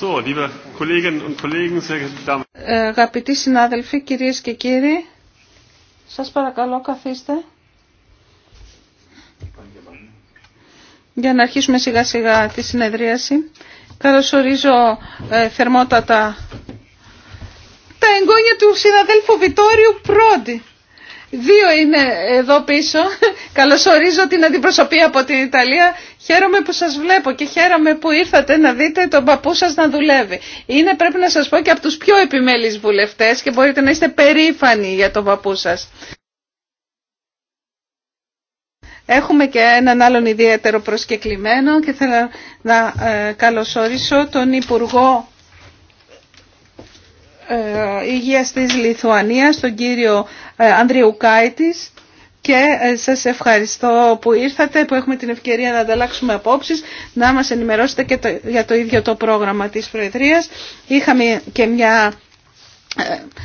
So, αγαπητοί συνάδελφοι, κυρίες και κύριοι, σας παρακαλώ καθίστε. Για να αρχίσουμε σιγά σιγά τη συνεδρίαση. Καλωσορίζω ε, θερμότατα τα εγγόνια του συναδέλφου Βιτόριου πρώτη. Δύο είναι εδώ πίσω. Καλωσορίζω την αντιπροσωπεία από την Ιταλία. Χαίρομαι που σας βλέπω και χαίρομαι που ήρθατε να δείτε τον παππού σας να δουλεύει. Είναι πρέπει να σας πω και από τους πιο επιμέλεις βουλευτές και μπορείτε να είστε περήφανοι για τον παππού σας. Έχουμε και έναν άλλον ιδιαίτερο προσκεκλημένο και θέλω να ε, καλωσορίσω τον Υπουργό ε, Υγείας της Λιθουανίας, τον κύριο ε, Κάιτης και ε, σας ευχαριστώ που ήρθατε, που έχουμε την ευκαιρία να ανταλλάξουμε απόψεις, να μας ενημερώσετε και για το ίδιο το πρόγραμμα της Προεδρίας. Είχαμε και μια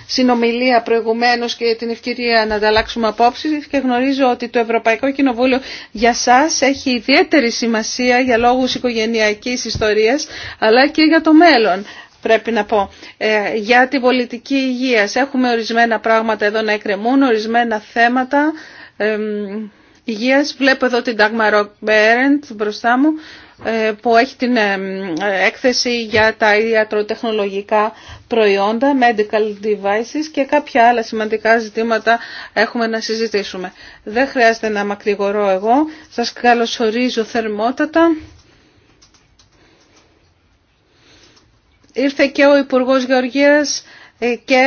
συνομιλία προηγουμένως και την ευκαιρία να ανταλλάξουμε απόψεις και γνωρίζω ότι το Ευρωπαϊκό Κοινοβούλιο για σας έχει ιδιαίτερη σημασία για λόγους οικογενειακής ιστορίας αλλά και για το μέλλον πρέπει να πω. Ε, για την πολιτική υγεία. έχουμε ορισμένα πράγματα εδώ να εκκρεμούν, ορισμένα θέματα υγεία. Βλέπω εδώ την Dagmar μπροστά μου ε, που έχει την έκθεση για τα ιατροτεχνολογικά προϊόντα, medical devices και κάποια άλλα σημαντικά ζητήματα έχουμε να συζητήσουμε. Δεν χρειάζεται να μακρηγορώ εγώ. Σας καλωσορίζω θερμότατα. ήρθε και ο Υπουργός Γεωργίας ε, και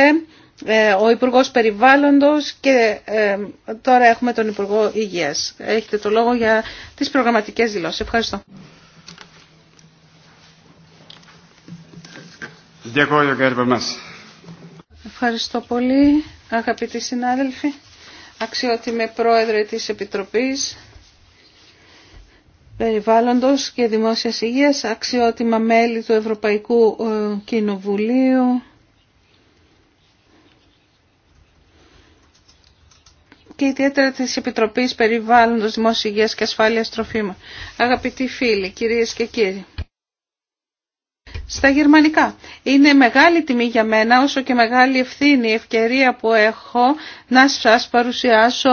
ε, ο Υπουργός Περιβάλλοντος και ε, τώρα έχουμε τον Υπουργό Υγείας. Έχετε το λόγο για τις προγραμματικές δηλώσεις. Ευχαριστώ. Ευχαριστώ πολύ αγαπητοί συνάδελφοι, αξιότιμε πρόεδρε της Επιτροπής, περιβάλλοντος και δημόσιας υγείας, αξιότιμα μέλη του Ευρωπαϊκού ε, Κοινοβουλίου και ιδιαίτερα τη Επιτροπή Περιβάλλοντος Δημόσιας Υγείας και Ασφάλειας Τροφίμων. Αγαπητοί φίλοι, κυρίες και κύριοι. Στα γερμανικά. Είναι μεγάλη τιμή για μένα, όσο και μεγάλη ευθύνη, η ευκαιρία που έχω να σας παρουσιάσω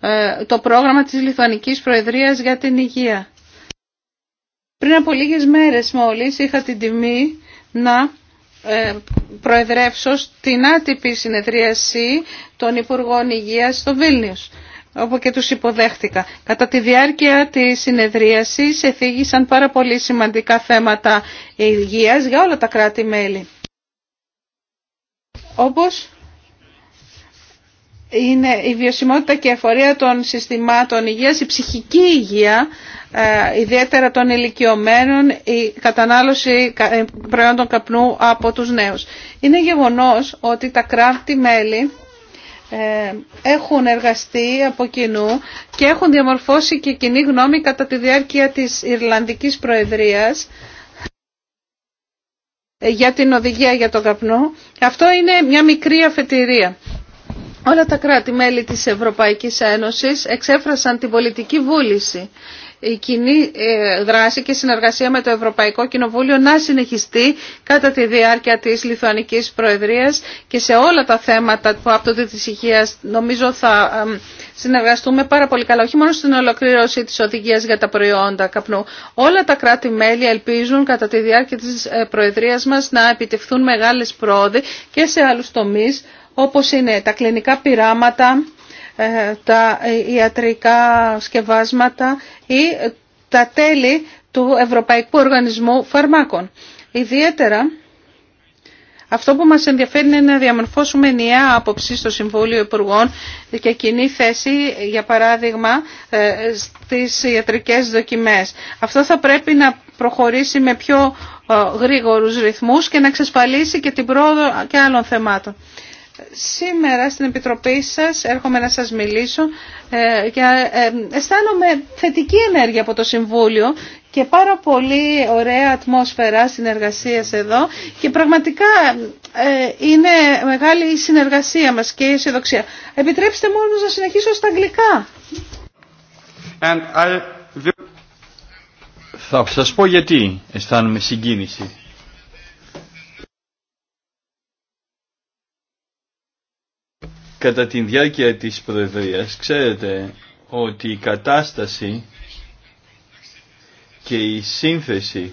ε, το πρόγραμμα της Λιθουανικής Προεδρίας για την Υγεία. Πριν από λίγες μέρες μόλις είχα την τιμή να ε, προεδρεύσω στην άτυπη συνεδρίαση των Υπουργών Υγείας στο Βίλνιος όπου και τους υποδέχτηκα. Κατά τη διάρκεια της συνεδρίασης εφήγησαν πάρα πολύ σημαντικά θέματα υγείας για όλα τα κράτη-μέλη. Όπως είναι η βιωσιμότητα και η των συστημάτων υγείας, η ψυχική υγεία, ε, ιδιαίτερα των ηλικιωμένων, η κατανάλωση ε, προϊόντων καπνού από τους νέους. Είναι γεγονός ότι τα κράτη-μέλη ε, έχουν εργαστεί από κοινού και έχουν διαμορφώσει και κοινή γνώμη κατά τη διάρκεια της Ιρλανδικής Προεδρίας για την οδηγία για τον καπνό. Αυτό είναι μια μικρή αφετηρία. Όλα τα κράτη-μέλη της Ευρωπαϊκής Ένωσης εξέφρασαν την πολιτική βούληση η κοινή ε, δράση και συνεργασία με το Ευρωπαϊκό Κοινοβούλιο να συνεχιστεί κατά τη διάρκεια της Λιθουανικής Προεδρίας και σε όλα τα θέματα που άπτονται τη δυσυχία νομίζω θα συνεργαστούμε πάρα πολύ καλά, όχι μόνο στην ολοκλήρωση της οδηγίας για τα προϊόντα καπνού. Όλα τα κράτη-μέλη ελπίζουν κατά τη διάρκεια της ε, Προεδρίας μας να επιτευχθούν μεγάλες πρόοδοι και σε άλλους τομείς όπως είναι τα κλινικά πειράματα, ε, τα ιατρικά σκευάσματα ή τα τέλη του Ευρωπαϊκού Οργανισμού Φαρμάκων. Ιδιαίτερα, αυτό που μας ενδιαφέρει είναι να διαμορφώσουμε ενιαία άποψη στο Συμβούλιο Υπουργών και κοινή θέση, για παράδειγμα, ε, στις ιατρικές δοκιμές. Αυτό θα πρέπει να προχωρήσει με πιο ε, γρήγορους ρυθμούς και να εξασφαλίσει και την πρόοδο και άλλων θεμάτων. Σήμερα στην Επιτροπή σας έρχομαι να σας μιλήσω και ε, ε, αισθάνομαι θετική ενέργεια από το Συμβούλιο και πάρα πολύ ωραία ατμόσφαιρα συνεργασίας εδώ και πραγματικά ε, είναι μεγάλη η συνεργασία μας και η αισιοδοξία. Επιτρέψτε μου να συνεχίσω στα αγγλικά. Θα σας πω γιατί αισθάνομαι συγκίνηση. κατά τη διάρκεια της Προεδρίας ξέρετε ότι η κατάσταση και η σύνθεση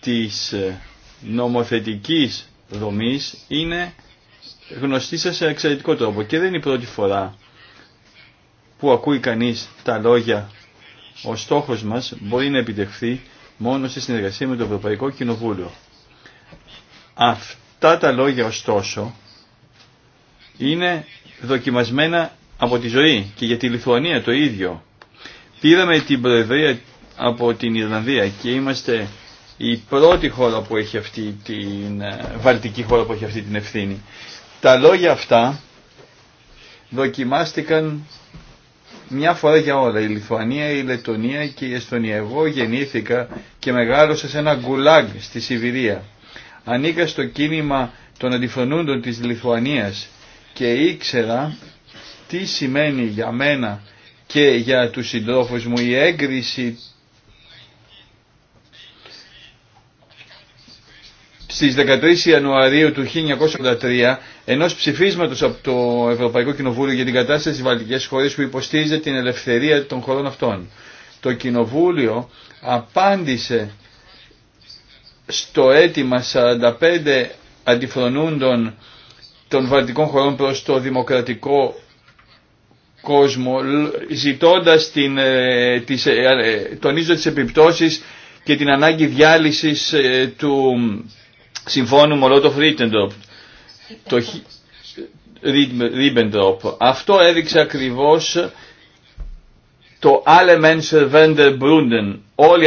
της ε, νομοθετικής δομής είναι γνωστή σας σε εξαιρετικό τρόπο και δεν είναι η πρώτη φορά που ακούει κανείς τα λόγια ο στόχος μας μπορεί να επιτευχθεί μόνο σε συνεργασία με το Ευρωπαϊκό Κοινοβούλιο. Αυτά τα λόγια ωστόσο είναι δοκιμασμένα από τη ζωή και για τη Λιθουανία το ίδιο. Πήραμε την Προεδρία από την Ιρλανδία και είμαστε η πρώτη χώρα που έχει αυτή την ε, βαλτική χώρα που έχει αυτή την ευθύνη. Τα λόγια αυτά δοκιμάστηκαν μια φορά για όλα. Η Λιθουανία, η Λετωνία και η Εστονία. Εγώ γεννήθηκα και μεγάλωσα σε ένα γκουλάγ στη Σιβηρία. Ανήκα στο κίνημα των αντιφρονούντων της Λιθουανίας και ήξερα τι σημαίνει για μένα και για τους συντρόφους μου η έγκριση στις 13 Ιανουαρίου του 1983 ενός ψηφίσματος από το Ευρωπαϊκό Κοινοβούλιο για την κατάσταση στις βαλτικές χώρες που υποστήριζε την ελευθερία των χωρών αυτών. Το Κοινοβούλιο απάντησε στο αίτημα 45 αντιφρονούντων των βαλτικών χωρών προς το δημοκρατικό κόσμο, ζητώντας την, ε, τις, ε, ε, τονίζοντας τις επιπτώσεις και την ανάγκη διάλυσης του συμφώνου Ρίτεντροπ Το... Αυτό έδειξε ακριβώς το alle Menschen Brunnen. Όλοι,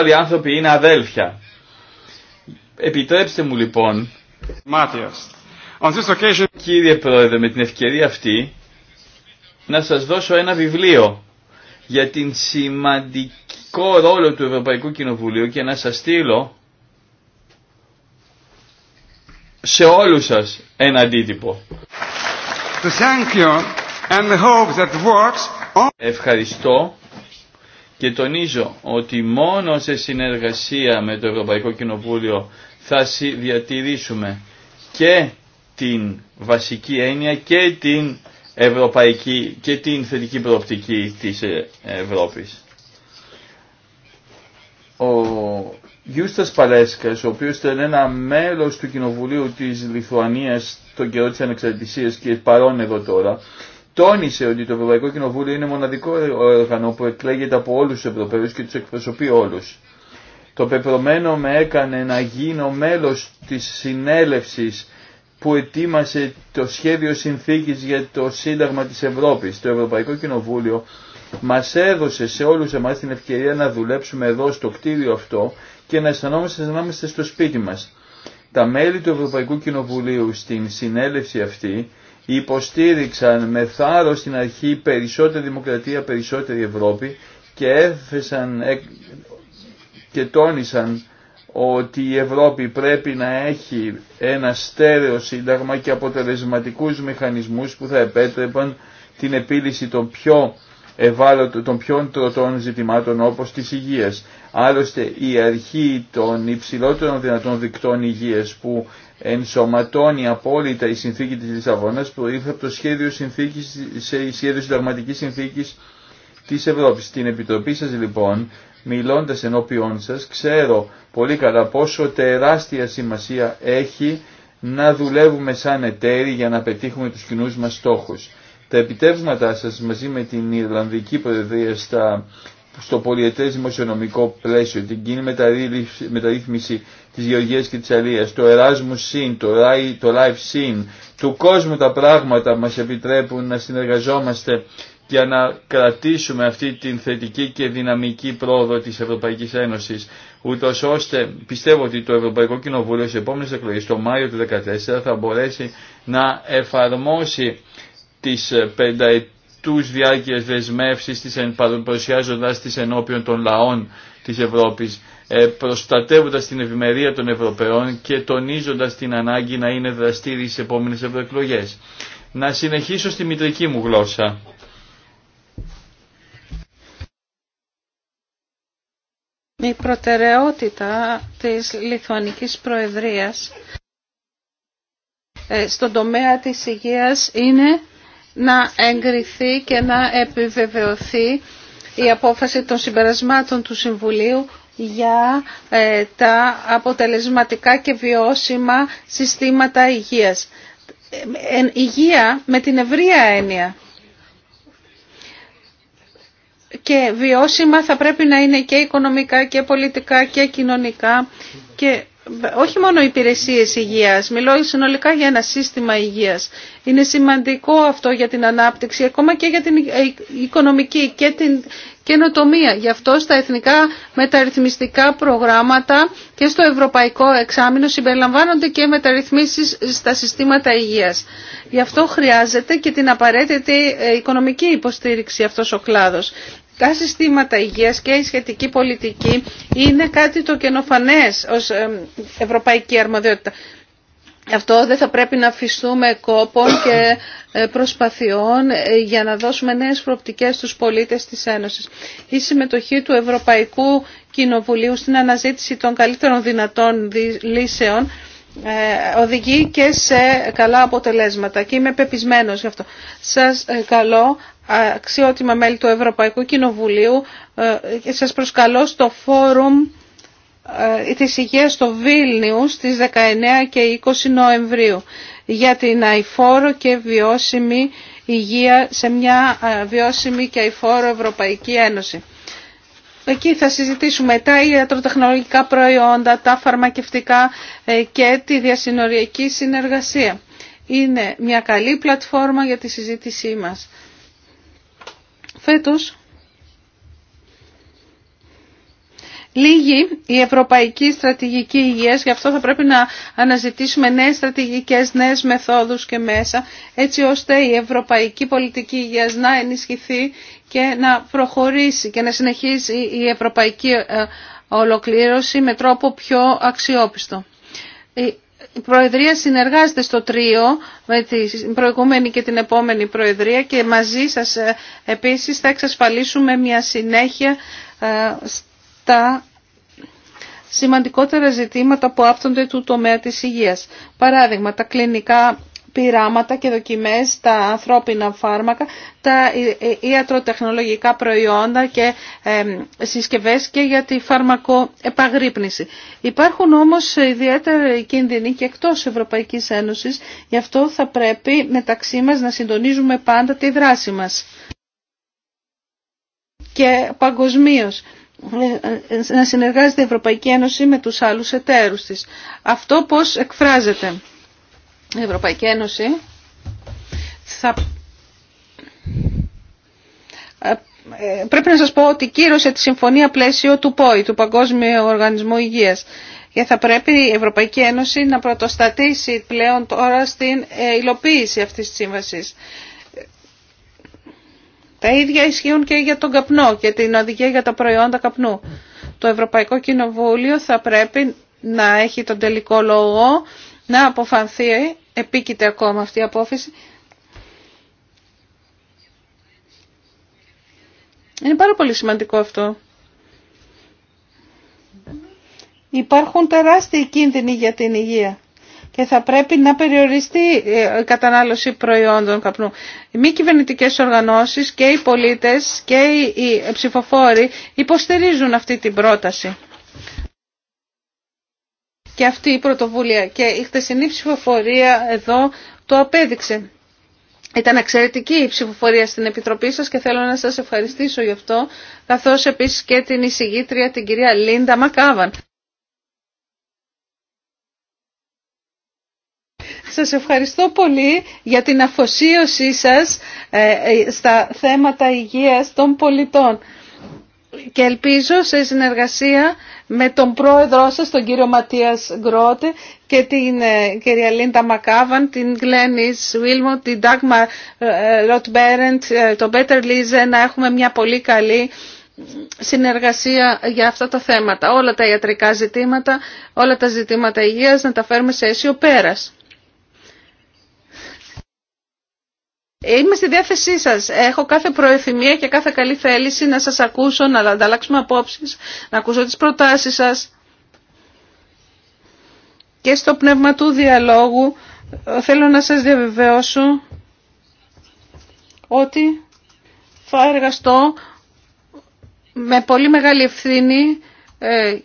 όλοι οι άνθρωποι είναι αδέλφια. Επιτρέψτε μου λοιπόν Μάτιας. On this occasion... Κύριε Πρόεδρε, με την ευκαιρία αυτή να σας δώσω ένα βιβλίο για την σημαντικό ρόλο του Ευρωπαϊκού Κοινοβουλίου και να σας στείλω σε όλους σας ένα αντίτυπο. Ευχαριστώ και τονίζω ότι μόνο σε συνεργασία με το Ευρωπαϊκό Κοινοβούλιο θα διατηρήσουμε και την βασική έννοια και την ευρωπαϊκή και την θετική προοπτική της ε, Ευρώπης. Ο Γιούστας Παλέσκας, ο οποίος ήταν ένα μέλος του Κοινοβουλίου της Λιθουανίας τον καιρό της Ανεξαρτησίας και παρόν εδώ τώρα, τόνισε ότι το Ευρωπαϊκό Κοινοβούλιο είναι μοναδικό όργανο που εκλέγεται από όλους τους Ευρωπαίους και τους εκπροσωπεί όλους. Το πεπρωμένο με έκανε να γίνω μέλος της συνέλευσης που ετοίμασε το σχέδιο συνθήκης για το Σύνταγμα της Ευρώπης. Το Ευρωπαϊκό Κοινοβούλιο μας έδωσε σε όλους εμάς την ευκαιρία να δουλέψουμε εδώ στο κτίριο αυτό και να αισθανόμαστε να είμαστε στο σπίτι μας. Τα μέλη του Ευρωπαϊκού Κοινοβουλίου στην συνέλευση αυτή υποστήριξαν με θάρρος στην αρχή περισσότερη δημοκρατία, περισσότερη Ευρώπη και έφεσαν ε, και τόνισαν ότι η Ευρώπη πρέπει να έχει ένα στέρεο σύνταγμα και αποτελεσματικούς μηχανισμούς που θα επέτρεπαν την επίλυση των πιο ευάλωτων, των πιο τροτών ζητημάτων όπως της υγείας. Άλλωστε η αρχή των υψηλότερων δυνατών δικτών υγείας που ενσωματώνει απόλυτα η συνθήκη της Λισαβόνας προήλθε από το σχέδιο, συνθήκης, σχέδιο συνταγματικής συνθήκης της Ευρώπης. Στην Επιτροπή σας λοιπόν μιλώντας ενώπιόν σας, ξέρω πολύ καλά πόσο τεράστια σημασία έχει να δουλεύουμε σαν εταίροι για να πετύχουμε τους κοινούς μας στόχους. Τα επιτεύγματά σας μαζί με την Ιρλανδική Προεδρία στο πολιετές δημοσιονομικό πλαίσιο, την κοινή μεταρρύθμιση της Γεωργίας και της Αλίας, το Erasmus Sin, το, το Life Sin, του κόσμου τα πράγματα μας επιτρέπουν να συνεργαζόμαστε για να κρατήσουμε αυτή την θετική και δυναμική πρόοδο της Ευρωπαϊκής Ένωσης, ούτως ώστε πιστεύω ότι το Ευρωπαϊκό Κοινοβούλιο στις επόμενες εκλογές, το Μάιο του 2014, θα μπορέσει να εφαρμόσει τις πενταετούς διάρκειες δεσμεύσεις της παρουσιάζοντας τις ενώπιον των λαών της Ευρώπης, ε, προστατεύοντας την ευημερία των Ευρωπαίων και τονίζοντας την ανάγκη να είναι δραστήριοι στις επόμενες ευρωεκλογές. Να συνεχίσω στη μητρική μου γλώσσα Η προτεραιότητα της Λιθουανικής Προεδρίας ε, στον τομέα της υγείας είναι να εγκριθεί και να επιβεβαιωθεί η απόφαση των συμπερασμάτων του Συμβουλίου για ε, τα αποτελεσματικά και βιώσιμα συστήματα υγείας. Ε, υγεία με την ευρεία έννοια και βιώσιμα θα πρέπει να είναι και οικονομικά και πολιτικά και κοινωνικά και όχι μόνο υπηρεσίες υγείας, μιλώ συνολικά για ένα σύστημα υγείας. Είναι σημαντικό αυτό για την ανάπτυξη, ακόμα και για την ε, οικονομική και την καινοτομία. Γι' αυτό στα εθνικά μεταρρυθμιστικά προγράμματα και στο ευρωπαϊκό εξάμεινο συμπεριλαμβάνονται και μεταρρυθμίσεις στα συστήματα υγείας. Γι' αυτό χρειάζεται και την απαραίτητη ε, οικονομική υποστήριξη αυτός ο κλάδος τα συστήματα υγείας και η σχετική πολιτική είναι κάτι το καινοφανές ως ευρωπαϊκή αρμοδιότητα. Αυτό δεν θα πρέπει να αφιστούμε κόπων και ε, προσπαθειών ε, για να δώσουμε νέες προοπτικές στους πολίτες της Ένωσης. Η συμμετοχή του Ευρωπαϊκού Κοινοβουλίου στην αναζήτηση των καλύτερων δυνατών λύσεων ε, οδηγεί και σε καλά αποτελέσματα και είμαι πεπισμένος γι' αυτό. Σας καλώ αξιότιμα μέλη του Ευρωπαϊκού Κοινοβουλίου ε, σας προσκαλώ στο φόρουμ ε, της Υγείας στο Βίλνιου στις 19 και 20 Νοεμβρίου για την αηφόρο και βιώσιμη υγεία σε μια ε, βιώσιμη και αηφόρο Ευρωπαϊκή Ένωση. Εκεί θα συζητήσουμε τα ιατροτεχνολογικά προϊόντα, τα φαρμακευτικά και τη διασυνοριακή συνεργασία. Είναι μια καλή πλατφόρμα για τη συζήτησή μας. Φέτος λίγη η ευρωπαϊκή στρατηγική υγείας, γι' αυτό θα πρέπει να αναζητήσουμε νέες στρατηγικές, νέες μεθόδους και μέσα, έτσι ώστε η ευρωπαϊκή πολιτική υγείας να ενισχυθεί και να προχωρήσει και να συνεχίζει η ευρωπαϊκή ε, ολοκλήρωση με τρόπο πιο αξιόπιστο η Προεδρία συνεργάζεται στο τρίο με την προηγούμενη και την επόμενη Προεδρία και μαζί σας ε, επίσης θα εξασφαλίσουμε μια συνέχεια ε, στα σημαντικότερα ζητήματα που άπτονται του τομέα της υγείας. Παράδειγμα, τα κλινικά πειράματα και δοκιμές, τα ανθρώπινα φάρμακα, τα ιατροτεχνολογικά προϊόντα και συσκευές και για τη φαρμακοεπαγρύπνηση. Υπάρχουν όμως ιδιαίτερα κίνδυνοι και εκτός Ευρωπαϊκής Ένωσης, γι' αυτό θα πρέπει μεταξύ μας να συντονίζουμε πάντα τη δράση μας. Και παγκοσμίω ε, ε, να συνεργάζεται η Ευρωπαϊκή Ένωση με τους άλλους εταίρους της. Αυτό πώς εκφράζεται η Ευρωπαϊκή Ένωση θα... Ε, πρέπει να σας πω ότι κύρωσε τη συμφωνία πλαίσιο του ΠΟΗ, του Παγκόσμιου Οργανισμού Υγείας. Και θα πρέπει η Ευρωπαϊκή Ένωση να πρωτοστατήσει πλέον τώρα στην ε, υλοποίηση αυτής της σύμβασης. Τα ίδια ισχύουν και για τον καπνό και την οδηγία για τα προϊόντα καπνού. Το Ευρωπαϊκό Κοινοβούλιο θα πρέπει να έχει τον τελικό λόγο να αποφανθεί επίκειται ακόμα αυτή η απόφαση. Είναι πάρα πολύ σημαντικό αυτό. Υπάρχουν τεράστιοι κίνδυνοι για την υγεία και θα πρέπει να περιοριστεί ε, η κατανάλωση προϊόντων καπνού. Οι μη κυβερνητικέ οργανώσεις και οι πολίτες και οι ψηφοφόροι υποστηρίζουν αυτή την πρόταση και αυτή η πρωτοβουλία. Και η χτεσινή ψηφοφορία εδώ το απέδειξε. Ήταν εξαιρετική η ψηφοφορία στην Επιτροπή σας και θέλω να σας ευχαριστήσω γι' αυτό, καθώς επίσης και την εισηγήτρια την κυρία Λίντα Μακάβαν. Σας ευχαριστώ πολύ για την αφοσίωσή σας ε, ε, στα θέματα υγείας των πολιτών και ελπίζω σε συνεργασία με τον πρόεδρό σας, τον κύριο Ματίας Γκρότε και την ε, κυρία Λίντα Μακάβαν, την Γλένις Βίλμο, την Ντάγμα Λοτ Μπέρεντ, τον Πέτερ Λίζε να έχουμε μια πολύ καλή συνεργασία για αυτά τα θέματα. Όλα τα ιατρικά ζητήματα, όλα τα ζητήματα υγείας να τα φέρουμε σε αίσιο πέρας. Είμαι στη διάθεσή σας. Έχω κάθε προεθυμία και κάθε καλή θέληση να σας ακούσω, να ανταλλάξουμε απόψεις, να ακούσω τις προτάσεις σας. Και στο πνεύμα του διαλόγου ε, θέλω να σας διαβεβαιώσω ότι θα εργαστώ με πολύ μεγάλη ευθύνη ε,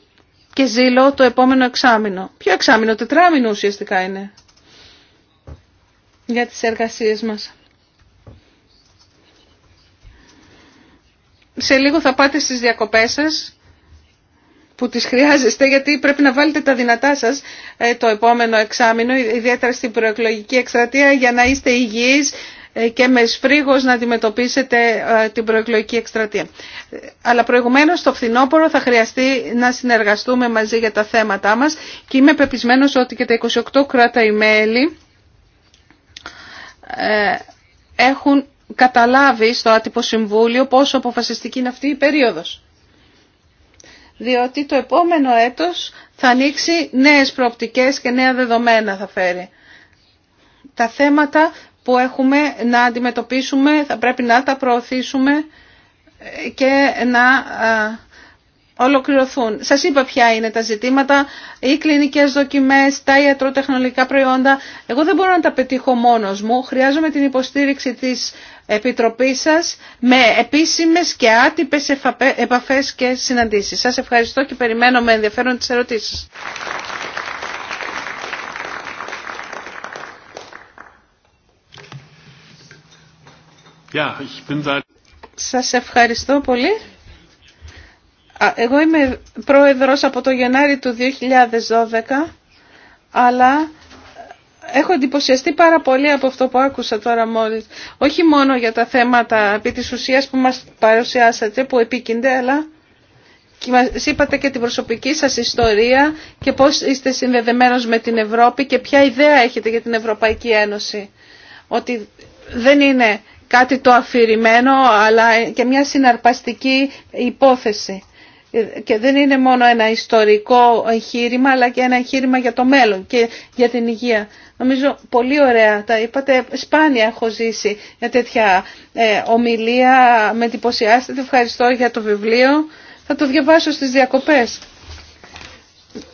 και ζήλο το επόμενο εξάμηνο. Ποιο εξάμεινο, τετράμινο ουσιαστικά είναι για τις εργασίες μας. σε λίγο θα πάτε στις διακοπές σας που τις χρειάζεστε γιατί πρέπει να βάλετε τα δυνατά σας ε, το επόμενο εξάμεινο, ιδιαίτερα στην προεκλογική εκστρατεία για να είστε υγιείς ε, και με σφρίγος να αντιμετωπίσετε ε, την προεκλογική εκστρατεία. Αλλά προηγουμένως το φθινόπωρο θα χρειαστεί να συνεργαστούμε μαζί για τα θέματά μας και είμαι πεπισμένος ότι και τα 28 κρατα ημελη έχουν καταλάβει στο άτυπο συμβούλιο πόσο αποφασιστική είναι αυτή η περίοδος. Διότι το επόμενο έτος θα ανοίξει νέες προοπτικές και νέα δεδομένα θα φέρει. Τα θέματα που έχουμε να αντιμετωπίσουμε θα πρέπει να τα προωθήσουμε και να ολοκληρωθούν. Σας είπα ποια είναι τα ζητήματα, οι κλινικές δοκιμές, τα ιατροτεχνολογικά προϊόντα. Εγώ δεν μπορώ να τα πετύχω μόνος μου. Χρειάζομαι την υποστήριξη της Επιτροπή σας με επίσημες και άτυπες επαφές και συναντήσεις. Σας ευχαριστώ και περιμένω με ενδιαφέρον τις ερωτήσεις. Yeah, Σας ευχαριστώ πολύ. Εγώ είμαι πρόεδρος από το Γενάρη του 2012, αλλά Έχω εντυπωσιαστεί πάρα πολύ από αυτό που άκουσα τώρα μόλις. Όχι μόνο για τα θέματα επί της ουσίας που μας παρουσιάσατε, που επίκυνται, αλλά και μας είπατε και την προσωπική σας ιστορία και πώς είστε συνδεδεμένος με την Ευρώπη και ποια ιδέα έχετε για την Ευρωπαϊκή Ένωση. Ότι δεν είναι κάτι το αφηρημένο, αλλά και μια συναρπαστική υπόθεση. Και δεν είναι μόνο ένα ιστορικό εγχείρημα, αλλά και ένα εγχείρημα για το μέλλον και για την υγεία Νομίζω πολύ ωραία τα είπατε. Σπάνια έχω ζήσει μια τέτοια ε, ομιλία. Με εντυπωσιάσετε. Ευχαριστώ για το βιβλίο. Θα το διαβάσω στις διακοπές.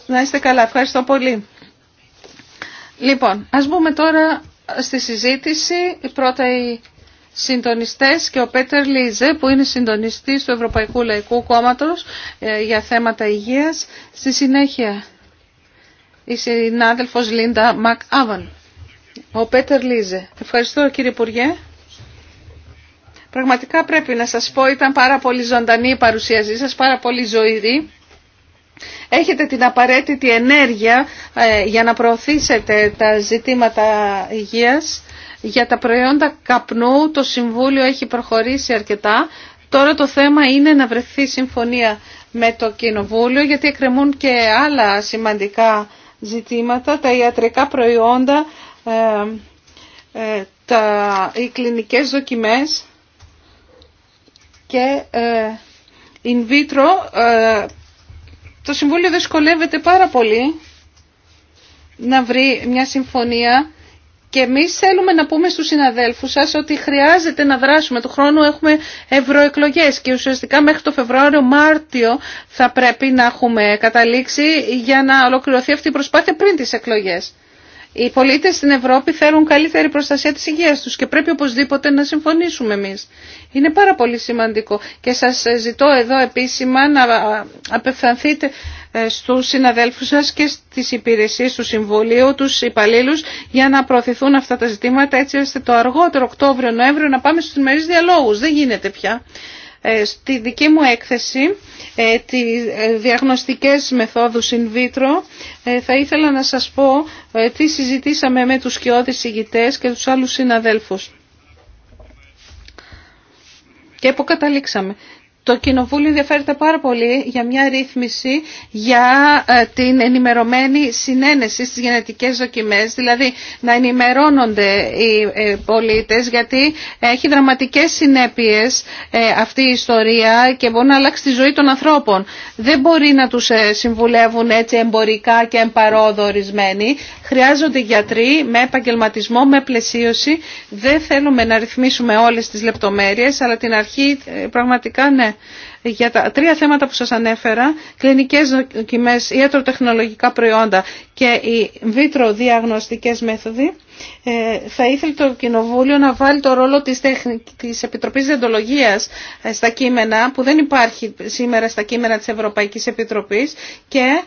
Να είστε καλά. Ευχαριστώ πολύ. Λοιπόν, ας μπούμε τώρα στη συζήτηση. Πρώτα οι συντονιστές και ο Πέτερ Λίζε που είναι συντονιστής του Ευρωπαϊκού Λαϊκού Κόμματος ε, για θέματα υγείας. Στη συνέχεια η συνάδελφος Λίντα Μακ Άβαν. Ο Πέτερ Λίζε. Ευχαριστώ κύριε Υπουργέ. Πραγματικά πρέπει να σας πω, ήταν πάρα πολύ ζωντανή η παρουσίασή σας, πάρα πολύ ζωηρή. Έχετε την απαραίτητη ενέργεια ε, για να προωθήσετε τα ζητήματα υγείας. Για τα προϊόντα καπνού το Συμβούλιο έχει προχωρήσει αρκετά. Τώρα το θέμα είναι να βρεθεί συμφωνία με το Κοινοβούλιο γιατί εκκρεμούν και άλλα σημαντικά ζητήματα, τα ιατρικά προϊόντα, ε, ε, τα, οι κλινικές δοκιμές και ε, in vitro το Συμβούλιο δυσκολεύεται πάρα πολύ να βρει μια συμφωνία και εμεί θέλουμε να πούμε στους συναδέλφους σας ότι χρειάζεται να δράσουμε. Του χρόνου έχουμε ευρωεκλογέ και ουσιαστικά μέχρι το Φεβρουάριο-Μάρτιο θα πρέπει να έχουμε καταλήξει για να ολοκληρωθεί αυτή η προσπάθεια πριν τι εκλογές. Οι πολίτες στην Ευρώπη θέλουν καλύτερη προστασία της υγείας τους και πρέπει οπωσδήποτε να συμφωνήσουμε εμείς. Είναι πάρα πολύ σημαντικό και σας ζητώ εδώ επίσημα να απευθανθείτε ε, στους συναδέλφους σας και στις υπηρεσίες του Συμβουλίου, τους υπαλλήλους, για να προωθηθούν αυτά τα ζητήματα, έτσι ώστε το αργότερο Οκτώβριο-Νοέμβριο να πάμε στους τριμερείς διαλόγους. Δεν γίνεται πια. Ε, στη δική μου έκθεση, ε, τη διαγνωστικές μεθόδους in vitro, θα ήθελα να σας πω τι συζητήσαμε με τους σκιώδεις ηγητές και τους άλλους συναδέλφους. Και που το Κοινοβούλιο ενδιαφέρεται πάρα πολύ για μια ρύθμιση για ε, την ενημερωμένη συνένεση στις γενετικές δοκιμές, δηλαδή να ενημερώνονται οι ε, πολίτες γιατί έχει δραματικές συνέπειες ε, αυτή η ιστορία και μπορεί να αλλάξει τη ζωή των ανθρώπων. Δεν μπορεί να τους συμβουλεύουν έτσι εμπορικά και εμπαρόδορισμένοι. Χρειάζονται γιατροί με επαγγελματισμό, με πλαισίωση. Δεν θέλουμε να ρυθμίσουμε όλες τις λεπτομέρειες, αλλά την αρχή ε, πραγματικά ναι. Για τα τρία θέματα που σας ανέφερα, κλινικές δοκιμές, ιατροτεχνολογικά προϊόντα και οι βίτρο διαγνωστικές μέθοδοι, ε, θα ήθελε το Κοινοβούλιο να βάλει το ρόλο της, της Επιτροπής ε, στα κείμενα, που δεν υπάρχει σήμερα στα κείμενα της Ευρωπαϊκής Επιτροπής και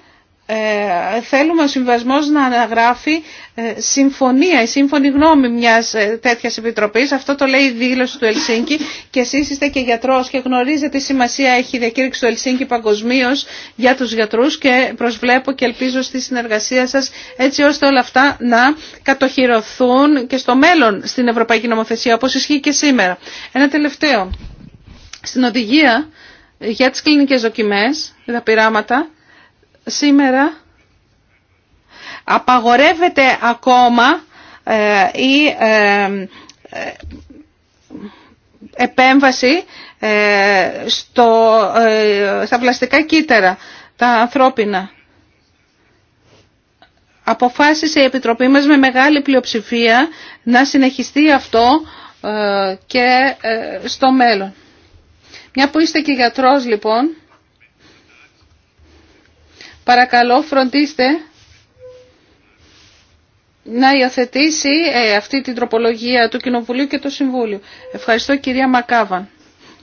ε, θέλουμε ο συμβασμός να αναγράφει ε, συμφωνία, η σύμφωνη γνώμη μιας ε, τέτοιας επιτροπής. Αυτό το λέει η δήλωση του Ελσίνκη και εσείς είστε και γιατρός και γνωρίζετε τι σημασία έχει η διακήρυξη του Ελσίνκη παγκοσμίω για τους γιατρούς και προσβλέπω και ελπίζω στη συνεργασία σας έτσι ώστε όλα αυτά να κατοχυρωθούν και στο μέλλον στην Ευρωπαϊκή Νομοθεσία όπως ισχύει και σήμερα. Ένα τελευταίο. Στην οδηγία για τις κλινικές δοκιμές, τα πειράματα, σήμερα απαγορεύεται ακόμα ε, η ε, ε, επέμβαση στο, στα πλαστικά κύτταρα, τα ανθρώπινα. Αποφάσισε η Επιτροπή μας με μεγάλη πλειοψηφία να συνεχιστεί αυτό και στο μέλλον. Μια που είστε και γιατρός λοιπόν, παρακαλώ φροντίστε να υιοθετήσει ε, αυτή την τροπολογία του Κοινοβουλίου και του Συμβούλιο. Ευχαριστώ κυρία Μακάβαν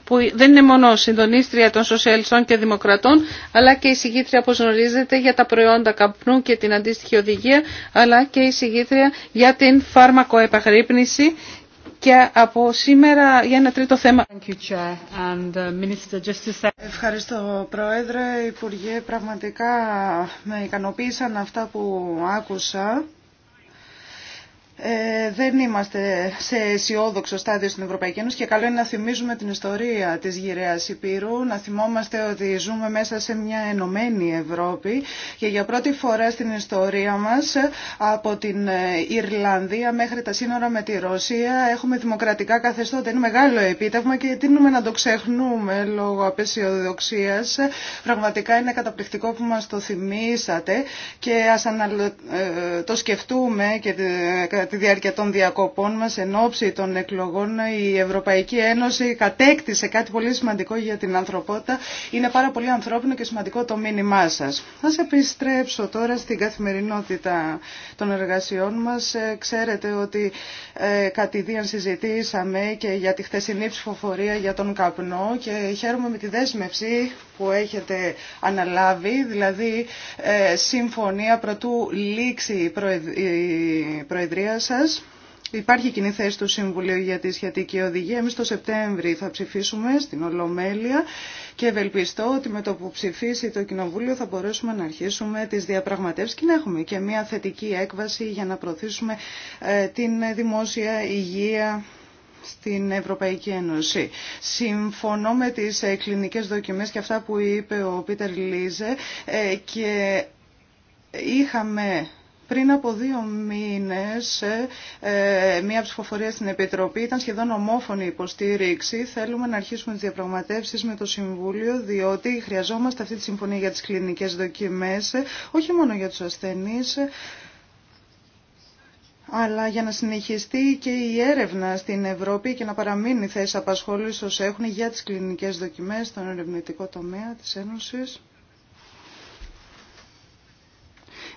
που δεν είναι μόνο συντονίστρια των σοσιαλιστών και δημοκρατών, αλλά και η συγγήτρια, όπως γνωρίζετε, για τα προϊόντα καπνού και την αντίστοιχη οδηγία, αλλά και η συγγήτρια για την φάρμακο επαγρύπνηση και από σήμερα για ένα τρίτο θέμα. Uh, Ευχαριστώ Πρόεδρε, Υπουργέ, πραγματικά με ικανοποίησαν αυτά που άκουσα. Ε, δεν είμαστε σε αισιόδοξο στάδιο στην Ευρωπαϊκή Ένωση και καλό είναι να θυμίζουμε την ιστορία της γυραιάς Υπήρου, να θυμόμαστε ότι ζούμε μέσα σε μια ενωμένη Ευρώπη και για πρώτη φορά στην ιστορία μας από την ε, Ιρλανδία μέχρι τα σύνορα με τη Ρωσία έχουμε δημοκρατικά καθεστώτα. Είναι μεγάλο επίτευγμα και τίνουμε να το ξεχνούμε λόγω απεσιοδοξίας. Πραγματικά είναι καταπληκτικό που μας το θυμήσατε και ας ε, το σκεφτούμε και τη διάρκεια των διακοπών μας εν ώψη των εκλογών η Ευρωπαϊκή Ένωση κατέκτησε κάτι πολύ σημαντικό για την ανθρωπότητα. Είναι πάρα πολύ ανθρώπινο και σημαντικό το μήνυμά σας. Θα επιστρέψω τώρα στην καθημερινότητα των εργασιών μας. Ε, ξέρετε ότι ε, κατηδίαν συζητήσαμε και για τη χθεσινή ψηφοφορία για τον καπνό και χαίρομαι με τη δέσμευση που έχετε αναλάβει, δηλαδή ε, συμφωνία προτού λήξει η Προεδρία Υπάρχει κοινή θέση του Συμβουλίου για τη σχετική οδηγία. Εμείς το Σεπτέμβρη θα ψηφίσουμε στην Ολομέλεια και ευελπιστώ ότι με το που ψηφίσει το Κοινοβούλιο θα μπορέσουμε να αρχίσουμε τις διαπραγματεύσεις και να έχουμε και μια θετική έκβαση για να προωθήσουμε ε, την δημόσια υγεία στην Ευρωπαϊκή Ένωση. Συμφωνώ με τις ε, κλινικές δοκιμές και αυτά που είπε ο Πίτερ Λίζε ε, και είχαμε πριν από δύο μήνες, ε, ε, μία ψηφοφορία στην Επιτροπή ήταν σχεδόν ομόφωνη υποστήριξη. Θέλουμε να αρχίσουμε τις διαπραγματεύσεις με το Συμβούλιο, διότι χρειαζόμαστε αυτή τη συμφωνία για τις κλινικές δοκιμές, ε, όχι μόνο για τους ασθενείς, αλλά για να συνεχιστεί και η έρευνα στην Ευρώπη και να παραμείνει θέση απασχόλησης όσο έχουν για τις κλινικές δοκιμές στον ερευνητικό τομέα της Ένωσης.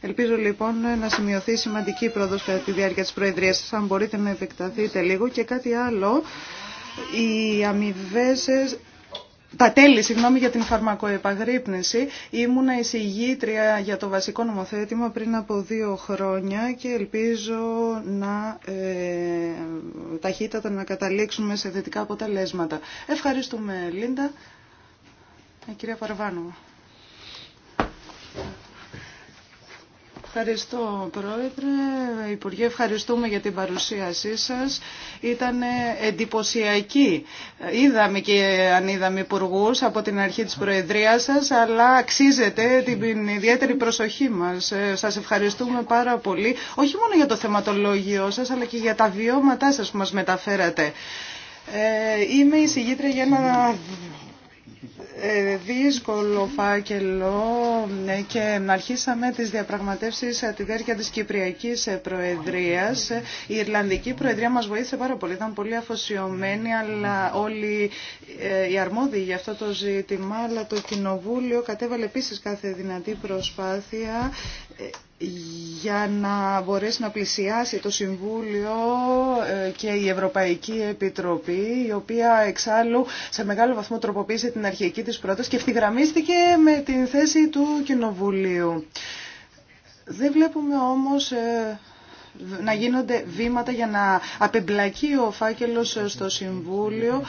Ελπίζω λοιπόν να σημειωθεί σημαντική πρόοδος κατά τη διάρκεια της Προεδρίας σας, αν μπορείτε να επεκταθείτε λίγο. Και κάτι άλλο, οι αμοιβέ τα τέλη, συγγνώμη για την φαρμακοεπαγρύπνηση. Ήμουνα εισηγήτρια για το βασικό νομοθέτημα πριν από δύο χρόνια και ελπίζω να ε, ταχύτατα να καταλήξουμε σε θετικά αποτελέσματα. Ευχαριστούμε, Λίντα. Ε, κυρία Ευχαριστώ Πρόεδρε. Υπουργέ, ευχαριστούμε για την παρουσίασή σας. Ήταν εντυπωσιακή. Είδαμε και αν είδαμε υπουργού από την αρχή της Προεδρίας σας, αλλά αξίζεται την ιδιαίτερη προσοχή μας. Ε, σας ευχαριστούμε πάρα πολύ, όχι μόνο για το θεματολόγιο σας, αλλά και για τα βιώματά σας που μας μεταφέρατε. Ε, είμαι η συγγήτρια για ένα ε, δύσκολο φάκελο ναι, και αρχίσαμε τις διαπραγματεύσεις ε, τη διάρκεια της Κυπριακής ε, Προεδρίας. Η Ιρλανδική Προεδρία μας βοήθησε πάρα πολύ, ήταν πολύ αφοσιωμένη, αλλά όλοι οι αρμόδιοι για αυτό το ζήτημα, αλλά το Κοινοβούλιο κατέβαλε επίσης κάθε δυνατή προσπάθεια για να μπορέσει να πλησιάσει το Συμβούλιο ε, και η Ευρωπαϊκή Επιτροπή, η οποία εξάλλου σε μεγάλο βαθμό τροποποίησε την αρχική της πρόταση και ευθυγραμμίστηκε με την θέση του Κοινοβουλίου. Δεν βλέπουμε όμως ε, να γίνονται βήματα για να απεμπλακεί ο φάκελος στο Συμβούλιο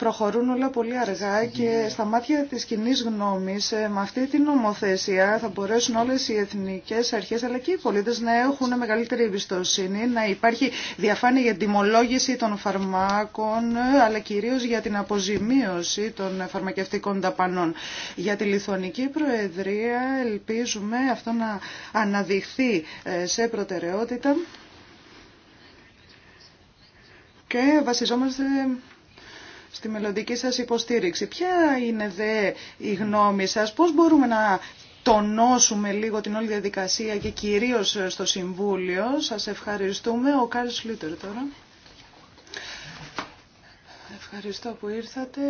προχωρούν όλα πολύ αργά και ναι. στα μάτια της κοινή γνώμης ε, με αυτή την νομοθεσία θα μπορέσουν όλες οι εθνικές αρχές αλλά και οι πολίτες να έχουν μεγαλύτερη εμπιστοσύνη, να υπάρχει διαφάνεια για τιμολόγηση των φαρμάκων αλλά κυρίως για την αποζημίωση των φαρμακευτικών ταπανών. Για τη Λιθωνική Προεδρία ελπίζουμε αυτό να αναδειχθεί ε, σε προτεραιότητα και βασιζόμαστε στη μελλοντική σας υποστήριξη. Ποια είναι δε η γνώμη σας, πώς μπορούμε να τονώσουμε λίγο την όλη διαδικασία και κυρίως στο Συμβούλιο. Σας ευχαριστούμε. Ο Κάρις Σλίτερ τώρα. Ευχαριστώ που ήρθατε,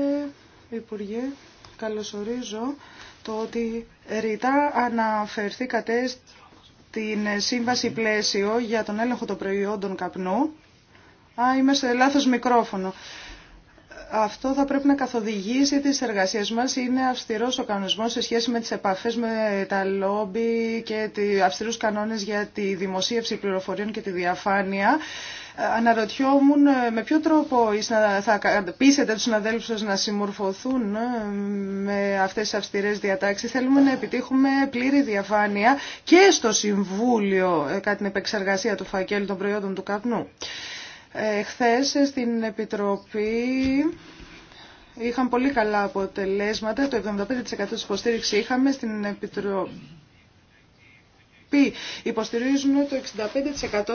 Υπουργέ. Καλωσορίζω το ότι ρητά αναφερθήκατε στην σύμβαση πλαίσιο για τον έλεγχο των προϊόντων καπνού. Α, είμαι σε λάθος μικρόφωνο. Αυτό θα πρέπει να καθοδηγήσει τις εργασίες μας. Είναι αυστηρός ο κανονισμός σε σχέση με τις επαφές με τα λόμπι και αυστηρούς κανόνες για τη δημοσίευση πληροφοριών και τη διαφάνεια. Ε, αναρωτιόμουν ε, με ποιο τρόπο θα πείσετε τους συναδέλφους σας να συμμορφωθούν ε, με αυτές τις αυστηρές διατάξεις. Θέλουμε να επιτύχουμε πλήρη διαφάνεια και στο Συμβούλιο κατά την επεξεργασία του φακέλου των προϊόντων του καπνού. Ε, Χθε στην Επιτροπή είχαν πολύ καλά αποτελέσματα. Το 75% της υποστήριξη είχαμε στην Επιτροπή. Υποστηρίζουν το 65%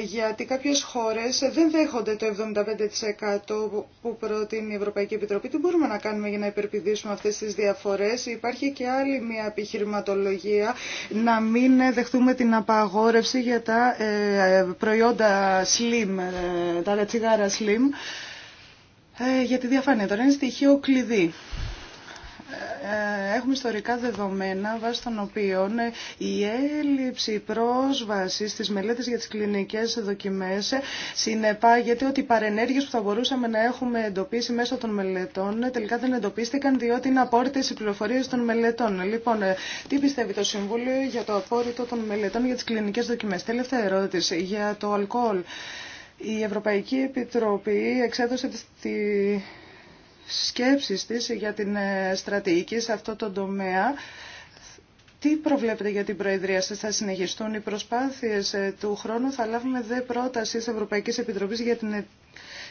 γιατί κάποιες χώρες δεν δέχονται το 75% που προτείνει η Ευρωπαϊκή Επιτροπή. Τι μπορούμε να κάνουμε για να υπερπηδήσουμε αυτές τις διαφορές. Υπάρχει και άλλη μια επιχειρηματολογία να μην δεχτούμε την απαγόρευση για τα ε, προϊόντα slim, ε, τα τσιγάρα slim. Ε, για τη διαφάνεια τώρα είναι στοιχείο κλειδί. Ε, έχουμε ιστορικά δεδομένα βάσει των οποίων ε, η έλλειψη πρόσβαση στις μελέτες για τις κλινικές δοκιμές ε, συνεπάγεται ότι οι παρενέργειες που θα μπορούσαμε να έχουμε εντοπίσει μέσω των μελετών τελικά δεν εντοπίστηκαν διότι είναι απόρριτες οι πληροφορίες των μελετών. Λοιπόν, τι πιστεύει το Συμβούλιο για το απόρριτο των μελετών για τις κλινικές δοκιμές. Τελευταία ερώτηση για το αλκοόλ. Η Ευρωπαϊκή Επιτροπή εξέδωσε τη σκέψεις της για την ε, στρατηγική σε αυτό το τομέα. Τι προβλέπετε για την Προεδρία σας, θα συνεχιστούν οι προσπάθειες ε, του χρόνου, θα λάβουμε δε πρόταση της Ευρωπαϊκής Επιτροπής για την ε,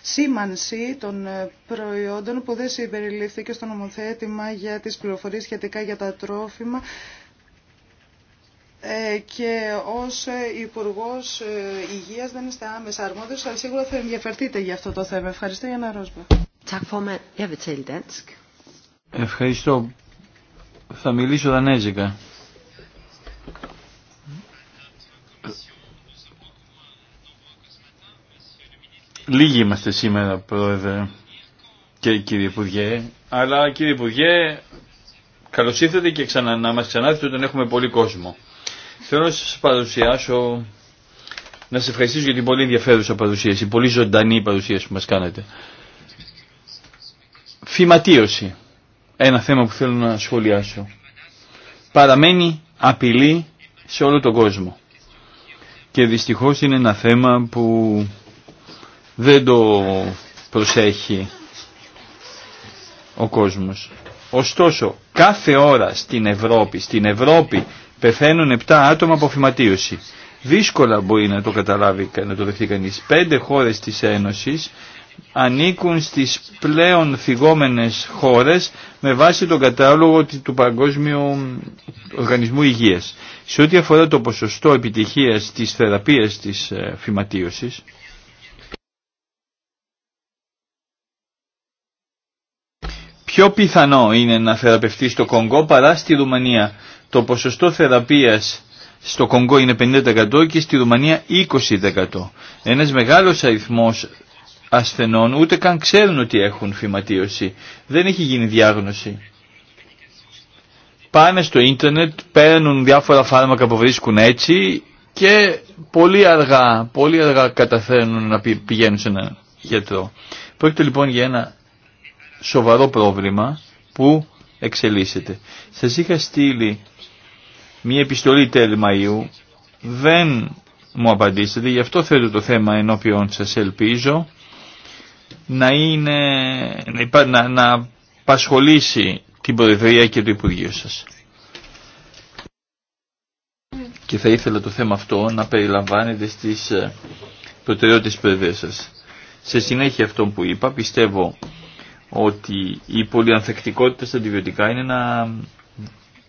σήμανση των προϊόντων που δεν συμπεριλήφθηκε στο νομοθέτημα για τις πληροφορίες σχετικά για τα τρόφιμα και ως υπουργό Υγείας δεν είστε άμεσα αρμόδιος, αλλά σίγουρα θα ενδιαφερθείτε για αυτό το θέμα. Ευχαριστώ, για ένα Ρόσμπα. Ευχαριστώ. Θα μιλήσω δανέζικα. Λίγοι είμαστε σήμερα, Πρόεδρε και κύριε Υπουργέ. Αλλά κύριε Υπουργέ, καλώ ήρθατε και ξανα, να μα ξανάρθετε όταν έχουμε πολύ κόσμο. Θέλω να σα παρουσιάσω, να σα ευχαριστήσω για την πολύ ενδιαφέρουσα παρουσίαση, πολύ ζωντανή παρουσίαση που μα κάνετε φυματίωση. Ένα θέμα που θέλω να σχολιάσω. Παραμένει απειλή σε όλο τον κόσμο. Και δυστυχώς είναι ένα θέμα που δεν το προσέχει ο κόσμος. Ωστόσο, κάθε ώρα στην Ευρώπη, στην Ευρώπη πεθαίνουν 7 άτομα από φυματίωση. Δύσκολα μπορεί να το καταλάβει, να το δεχτεί κανείς. Πέντε χώρες της Ένωσης ανήκουν στις πλέον θυγόμενες χώρες με βάση τον κατάλογο του Παγκόσμιου Οργανισμού Υγείας. Σε ό,τι αφορά το ποσοστό επιτυχίας της θεραπείας της ε, φυματίωσης, πιο πιθανό είναι να θεραπευτεί στο Κονγκό παρά στη Ρουμανία. Το ποσοστό θεραπείας στο Κονγκό είναι 50% και στη Ρουμανία 20%. Ένας μεγάλος αριθμός ασθενών ούτε καν ξέρουν ότι έχουν φυματίωση. Δεν έχει γίνει διάγνωση. Πάνε στο ίντερνετ, παίρνουν διάφορα φάρμακα που βρίσκουν έτσι και πολύ αργά, πολύ αργά καταφέρνουν να πηγαίνουν σε ένα γιατρό. Πρόκειται λοιπόν για ένα σοβαρό πρόβλημα που εξελίσσεται. Σας είχα στείλει μία επιστολή τέλη Μαΐου, δεν μου απαντήσετε, γι' αυτό θέλω το θέμα ενώπιον σας ελπίζω να, είναι, να, υπα, να, την Προεδρία και το Υπουργείο σας. Και θα ήθελα το θέμα αυτό να περιλαμβάνεται στις ε, προτεραιότητες της Προεδρίας σας. Σε συνέχεια αυτό που είπα, πιστεύω ότι η πολυανθεκτικότητα στα αντιβιωτικά είναι ένα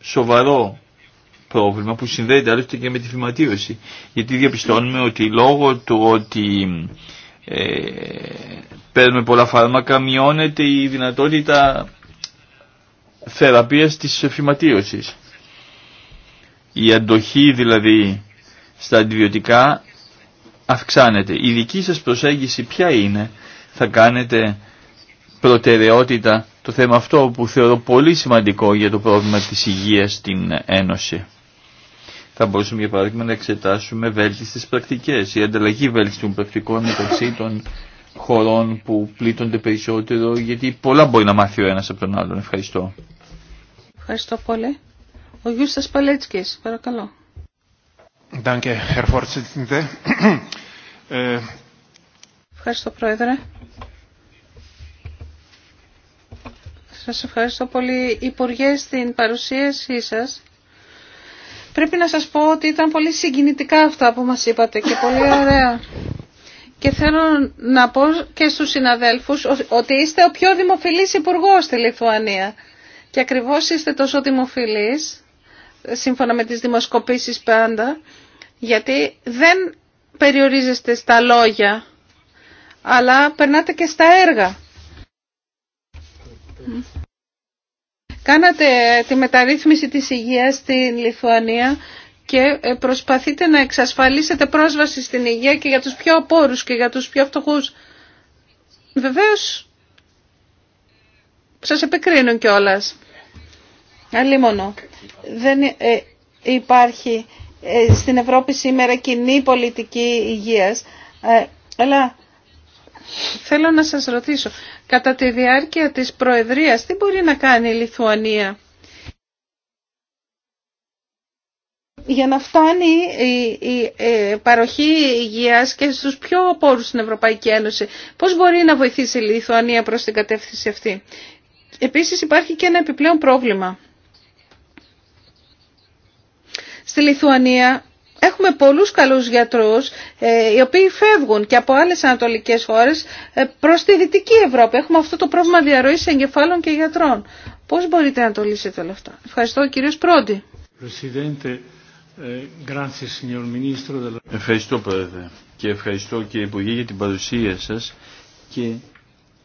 σοβαρό πρόβλημα που συνδέεται άλλωστε και με τη φυματίωση. Γιατί διαπιστώνουμε ότι λόγω του ότι ε, παίρνουμε πολλά φάρμακα, μειώνεται η δυνατότητα θεραπείας της φυματίωσης. Η αντοχή δηλαδή στα αντιβιωτικά αυξάνεται. Η δική σας προσέγγιση ποια είναι, θα κάνετε προτεραιότητα το θέμα αυτό που θεωρώ πολύ σημαντικό για το πρόβλημα της υγείας στην Ένωση. Θα μπορούσαμε για παράδειγμα να εξετάσουμε βέλτιστες πρακτικές, η ανταλλαγή βέλτιστων πρακτικών μεταξύ των χωρών που πλήττονται περισσότερο, γιατί πολλά μπορεί να μάθει ο ένας από τον άλλον. Ευχαριστώ. Ευχαριστώ πολύ. Ο Γιούστα Παλέτσκης, παρακαλώ. Ε, ευχαριστώ, Πρόεδρε. Σας ευχαριστώ πολύ, Υπουργέ, στην παρουσίασή σας. Πρέπει να σας πω ότι ήταν πολύ συγκινητικά αυτά που μας είπατε και πολύ ωραία. Και θέλω να πω και στους συναδέλφους ότι είστε ο πιο δημοφιλής υπουργό στη Λιθουανία. Και ακριβώς είστε τόσο δημοφιλής, σύμφωνα με τις δημοσκοπήσεις πάντα, γιατί δεν περιορίζεστε στα λόγια, αλλά περνάτε και στα έργα. Κάνατε τη μεταρρύθμιση της υγείας στην Λιθουανία και ε, προσπαθείτε να εξασφαλίσετε πρόσβαση στην υγεία και για τους πιο απόρους και για τους πιο φτωχούς. Βεβαίως, σας επικρίνουν κιόλα. Αλλή Δεν ε, υπάρχει ε, στην Ευρώπη σήμερα κοινή πολιτική υγείας, αλλά Θέλω να σας ρωτήσω, κατά τη διάρκεια της Προεδρίας, τι μπορεί να κάνει η Λιθουανία για να φτάνει η, ε, παροχή υγείας και στους πιο πόρους στην Ευρωπαϊκή Ένωση. Πώς μπορεί να βοηθήσει η Λιθουανία προς την κατεύθυνση αυτή. Επίσης υπάρχει και ένα επιπλέον πρόβλημα. Στη Λιθουανία Έχουμε πολλούς καλούς γιατρούς ε, οι οποίοι φεύγουν και από άλλες ανατολικές χώρες ε, προς τη Δυτική Ευρώπη. Έχουμε αυτό το πρόβλημα διαρροής εγκεφάλων και γιατρών. Πώς μπορείτε να το λύσετε όλα αυτά. Ευχαριστώ κύριος Πρόντι. Ε, ευχαριστώ Πρόεδρε και ευχαριστώ κύριε Υπουργέ για την παρουσία σας και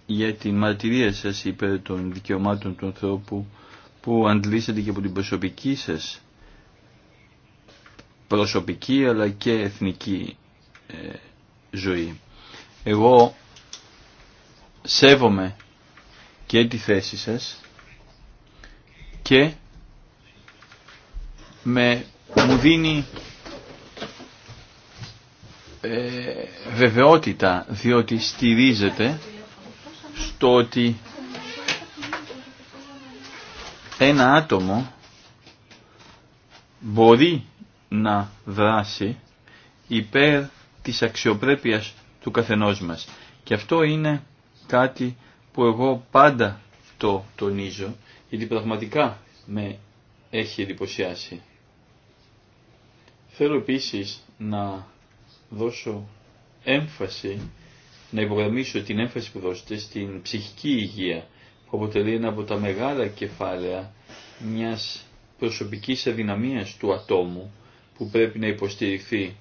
για την μαρτυρία σας υπέρ των δικαιωμάτων του ανθρώπου που αντλήσατε και από την προσωπική σας προσωπική αλλά και εθνική ε, ζωή. Εγώ σέβομαι και τη θέση σας και με, μου δίνει ε, βεβαιότητα διότι στηρίζεται στο ότι ένα άτομο μπορεί να δράσει υπέρ της αξιοπρέπειας του καθενός μας. Και αυτό είναι κάτι που εγώ πάντα το τονίζω, γιατί πραγματικά με έχει εντυπωσιάσει. Θέλω επίσης να δώσω έμφαση, να υπογραμμίσω την έμφαση που δώσετε στην ψυχική υγεία, που αποτελεί ένα από τα μεγάλα κεφάλαια μιας προσωπικής αδυναμίας του ατόμου, που πρέπει να υποστηριχθεί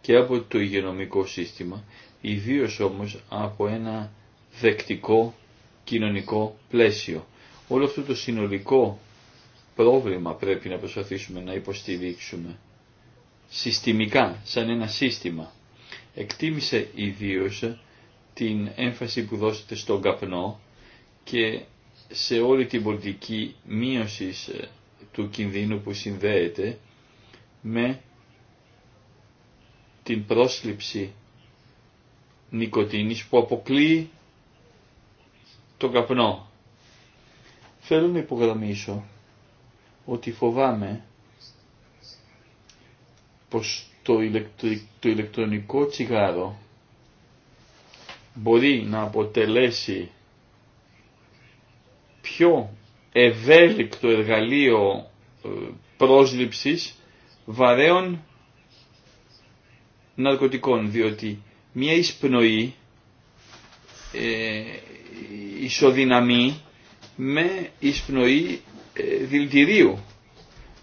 και από το υγειονομικό σύστημα, ιδίως όμως από ένα δεκτικό κοινωνικό πλαίσιο. Όλο αυτό το συνολικό πρόβλημα πρέπει να προσπαθήσουμε να υποστηρίξουμε συστημικά, σαν ένα σύστημα. Εκτίμησε ιδίως την έμφαση που δώσετε στον καπνό και σε όλη την πολιτική μείωση ε, του κινδύνου που συνδέεται με την πρόσληψη νικοτίνης που αποκλείει τον καπνό. Θέλω να υπογραμμίσω ότι φοβάμαι πως το, το ηλεκτρονικό τσιγάρο μπορεί να αποτελέσει πιο ευέλικτο εργαλείο ε, πρόσληψης βαρέων ναρκωτικών, διότι μία εισπνοή ε, ισοδυναμεί με εισπνοή ε, δηλητηρίου.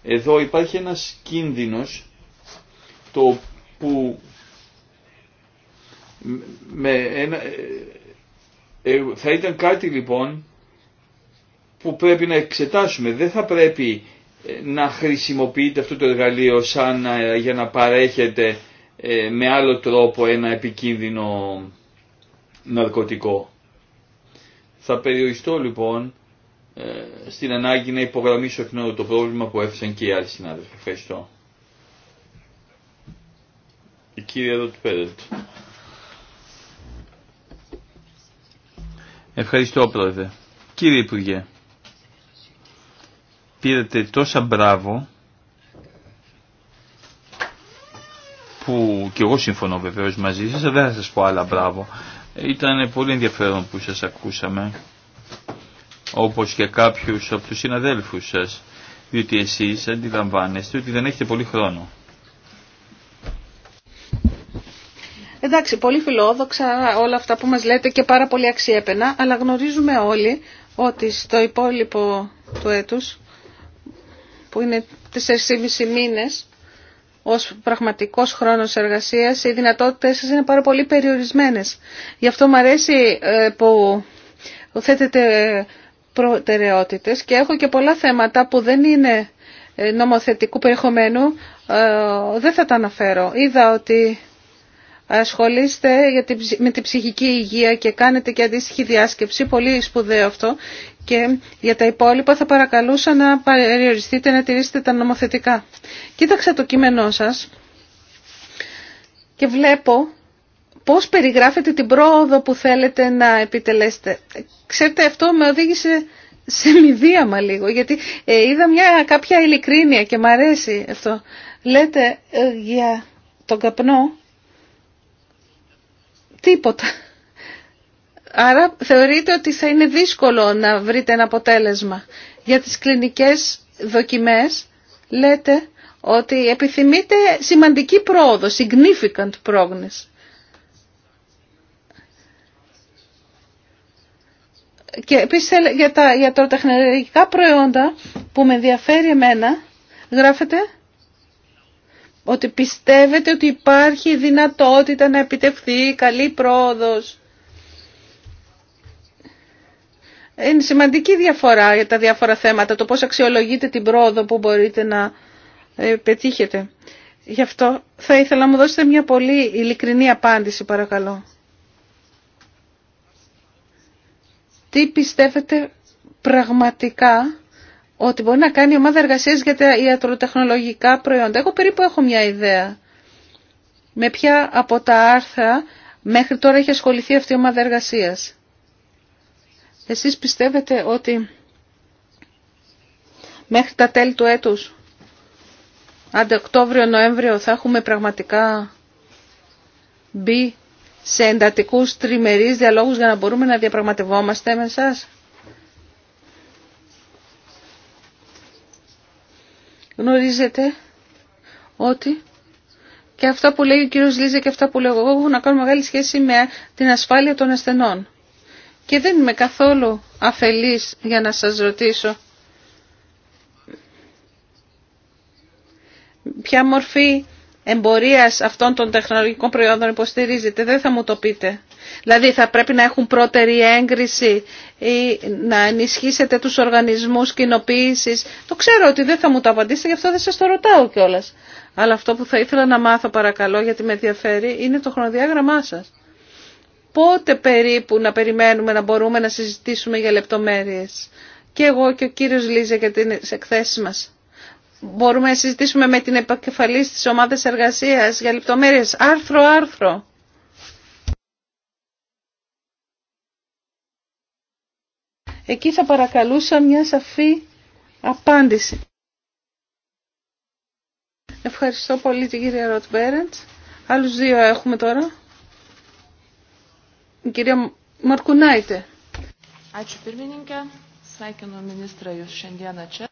Εδώ υπάρχει ένας κίνδυνος το που με ε, ε, θα ήταν κάτι λοιπόν που πρέπει να εξετάσουμε. Δεν θα πρέπει ε, να χρησιμοποιείτε αυτό το εργαλείο σαν ε, για να παρέχεται ε, με άλλο τρόπο ένα επικίνδυνο ναρκωτικό. Θα περιοριστώ λοιπόν στην ανάγκη να υπογραμμίσω εκ νέου το πρόβλημα που έφεσαν και οι άλλοι συνάδελφοι. Ευχαριστώ. Η κυρία Ευχαριστώ πρόεδρε. Κύριε Υπουργέ πήρατε τόσα μπράβο που και εγώ συμφωνώ βεβαίως μαζί σας, δεν θα σας πω άλλα μπράβο. Ήταν πολύ ενδιαφέρον που σας ακούσαμε, όπως και κάποιους από τους συναδέλφους σας, διότι εσείς αντιλαμβάνεστε ότι δεν έχετε πολύ χρόνο. Εντάξει, πολύ φιλόδοξα όλα αυτά που μας λέτε και πάρα πολύ αξιέπαινα, αλλά γνωρίζουμε όλοι ότι στο υπόλοιπο του έτους που είναι 4,5 μήνες ως πραγματικός χρόνος εργασίας, οι δυνατότητες είναι πάρα πολύ περιορισμένες. Γι' αυτό μου αρέσει ε, που θέτετε προτεραιότητες και έχω και πολλά θέματα που δεν είναι ε, νομοθετικού περιεχομένου, ε, δεν θα τα αναφέρω. Είδα ότι ασχολείστε με την ψυχική υγεία και κάνετε και αντίστοιχη διάσκεψη, πολύ σπουδαίο αυτό και για τα υπόλοιπα θα παρακαλούσα να περιοριστείτε να τηρήσετε τα νομοθετικά. Κοίταξα το κείμενό σας και βλέπω πώς περιγράφετε την πρόοδο που θέλετε να επιτελέσετε. Ξέρετε, αυτό με οδήγησε σε μηδίαμα λίγο, γιατί ε, είδα μια κάποια ειλικρίνεια και μ' αρέσει αυτό. Λέτε ε, για τον καπνό τίποτα. Άρα θεωρείτε ότι θα είναι δύσκολο να βρείτε ένα αποτέλεσμα. Για τις κλινικές δοκιμές λέτε ότι επιθυμείτε σημαντική πρόοδο, significant progress. Και επίσης για τα ιατροτεχνολογικά προϊόντα που με ενδιαφέρει εμένα, γράφετε ότι πιστεύετε ότι υπάρχει δυνατότητα να επιτευχθεί καλή πρόοδος Είναι σημαντική διαφορά για τα διάφορα θέματα, το πώς αξιολογείτε την πρόοδο που μπορείτε να ε, πετύχετε. Γι' αυτό θα ήθελα να μου δώσετε μια πολύ ειλικρινή απάντηση παρακαλώ. Τι πιστεύετε πραγματικά ότι μπορεί να κάνει η ομάδα εργασίας για τα ιατροτεχνολογικά προϊόντα. Εγώ περίπου έχω μια ιδέα. Με ποια από τα άρθρα μέχρι τώρα έχει ασχοληθεί αυτή η ομάδα εργασίας. Εσείς πιστεύετε ότι μέχρι τα τέλη του έτους, άντε Οκτώβριο-Νοέμβριο, θα έχουμε πραγματικά μπει σε εντατικούς τριμερείς διαλόγους για να μπορούμε να διαπραγματευόμαστε με εσάς. Γνωρίζετε ότι και αυτά που λέει ο κύριος Λίζα και αυτά που λέω εγώ έχουν να κάνουν μεγάλη σχέση με την ασφάλεια των ασθενών. Και δεν είμαι καθόλου αφελής για να σας ρωτήσω ποια μορφή εμπορίας αυτών των τεχνολογικών προϊόντων υποστηρίζετε. Δεν θα μου το πείτε. Δηλαδή θα πρέπει να έχουν πρώτερη έγκριση ή να ενισχύσετε τους οργανισμούς κοινοποίηση. Το ξέρω ότι δεν θα μου το απαντήσετε, γι' αυτό δεν σας το ρωτάω κιόλα. Αλλά αυτό που θα ήθελα να μάθω παρακαλώ, γιατί με ενδιαφέρει, είναι το χρονοδιάγραμμά σας πότε περίπου να περιμένουμε να μπορούμε να συζητήσουμε για λεπτομέρειες. Και εγώ και ο κύριος Λίζα για τις εκθέσεις μας. Μπορούμε να συζητήσουμε με την επικεφαλής της ομάδας εργασίας για λεπτομέρειες άρθρο-άρθρο. Εκεί θα παρακαλούσα μια σαφή απάντηση. Ευχαριστώ πολύ την κυρία Ροτ Μπέρεντς. Άλλους δύο έχουμε τώρα. Η κυρία Μαρκουνάιτε.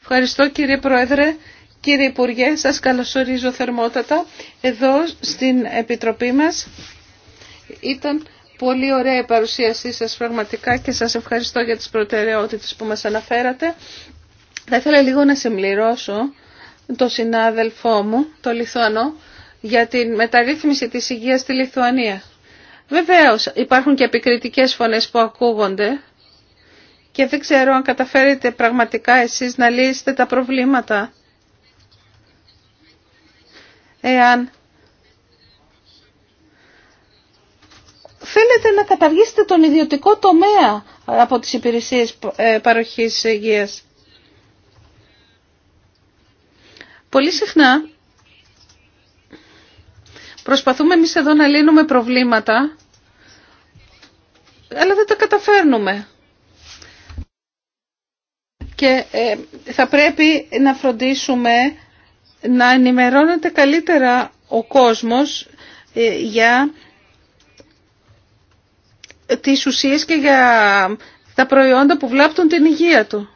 Ευχαριστώ κύριε Πρόεδρε. Κύριε Υπουργέ, σας καλωσορίζω θερμότατα εδώ στην Επιτροπή μας. Ήταν πολύ ωραία η παρουσίασή σας πραγματικά και σας ευχαριστώ για τις προτεραιότητες που μας αναφέρατε. Θα ήθελα λίγο να συμπληρώσω το συνάδελφό μου, το Λιθουανό, για την μεταρρύθμιση της υγείας στη Λιθουανία. Βεβαίως υπάρχουν και επικριτικές φωνές που ακούγονται και δεν ξέρω αν καταφέρετε πραγματικά εσείς να λύσετε τα προβλήματα. Εάν θέλετε να καταργήσετε τον ιδιωτικό τομέα από τις υπηρεσίες ε, παροχής υγείας. Πολύ συχνά Προσπαθούμε εμείς εδώ να λύνουμε προβλήματα, αλλά δεν τα καταφέρνουμε. Και ε, θα πρέπει να φροντίσουμε να ενημερώνεται καλύτερα ο κόσμος ε, για τις ουσίες και για τα προϊόντα που βλάπτουν την υγεία του.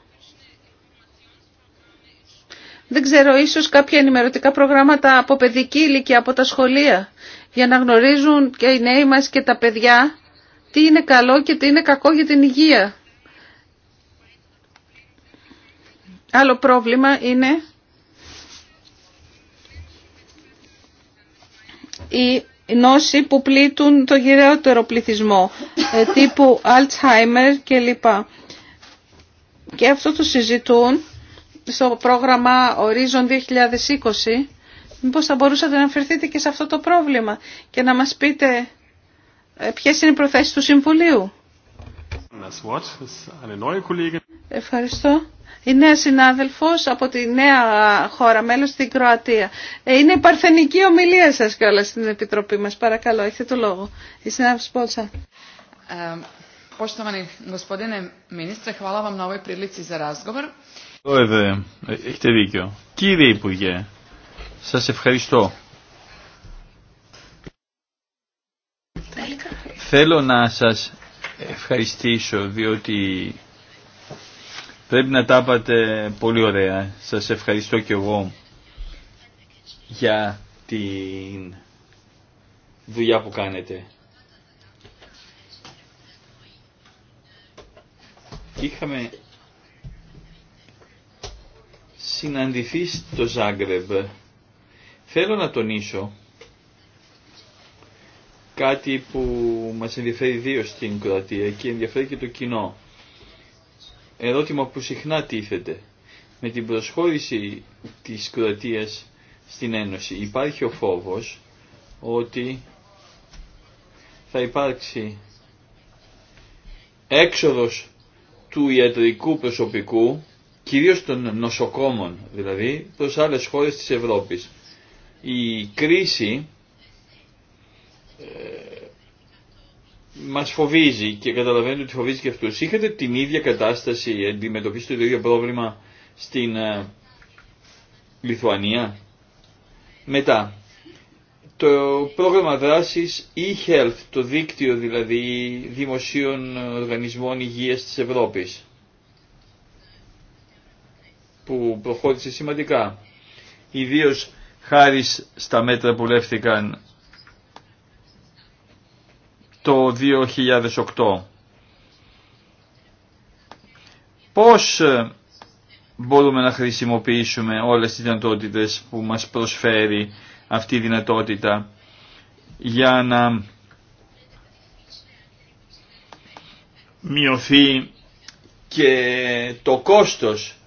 Δεν ξέρω, ίσως κάποια ενημερωτικά προγράμματα από παιδική ηλικία, από τα σχολεία, για να γνωρίζουν και οι νέοι μας και τα παιδιά τι είναι καλό και τι είναι κακό για την υγεία. Άλλο πρόβλημα είναι η νόσοι που πλήττουν το γυραιότερο πληθυσμό, ε, τύπου Alzheimer κλπ. Και αυτό το συζητούν στο πρόγραμμα Horizon 2020, μήπως θα μπορούσατε να αναφερθείτε και σε αυτό το πρόβλημα και να μας πείτε ε, ποιες είναι οι προθέσεις του Συμβουλίου. Ευχαριστώ. Η νέα συνάδελφος από τη νέα χώρα, μέλος στην Κροατία. Ε, είναι παρθενική ομιλία σας και όλα στην Επιτροπή μας. Παρακαλώ, έχετε το λόγο. Η συνάδελφος Πόλσα. Ε, Πρόεδρε, έχετε δίκιο. Κύριε Υπουργέ, σας ευχαριστώ. Θέλω να σας ευχαριστήσω διότι πρέπει να τα είπατε πολύ ωραία. Σας ευχαριστώ και εγώ για την δουλειά που κάνετε. Είχαμε συναντηθεί στο Ζάγκρεμπ. Θέλω να τονίσω κάτι που μας ενδιαφέρει δύο στην Κροατία και ενδιαφέρει και το κοινό. Ερώτημα που συχνά τίθεται. Με την προσχώρηση της Κροατίας στην Ένωση υπάρχει ο φόβος ότι θα υπάρξει έξοδος του ιατρικού προσωπικού κυρίως των νοσοκόμων δηλαδή, προς άλλες χώρες της Ευρώπης. Η κρίση ε, μας φοβίζει και καταλαβαίνετε ότι φοβίζει και αυτούς. Είχατε την ίδια κατάσταση, αντιμετωπίσετε το ίδιο πρόβλημα στην ε, Λιθουανία. Μετά, το πρόγραμμα δράσης e-health, το δίκτυο δηλαδή δημοσίων οργανισμών υγείας της Ευρώπης που προχώρησε σημαντικά. Ιδίω χάρη στα μέτρα που λέφθηκαν το 2008. Πώς μπορούμε να χρησιμοποιήσουμε όλες τις δυνατότητες που μας προσφέρει αυτή η δυνατότητα για να μειωθεί και το κόστος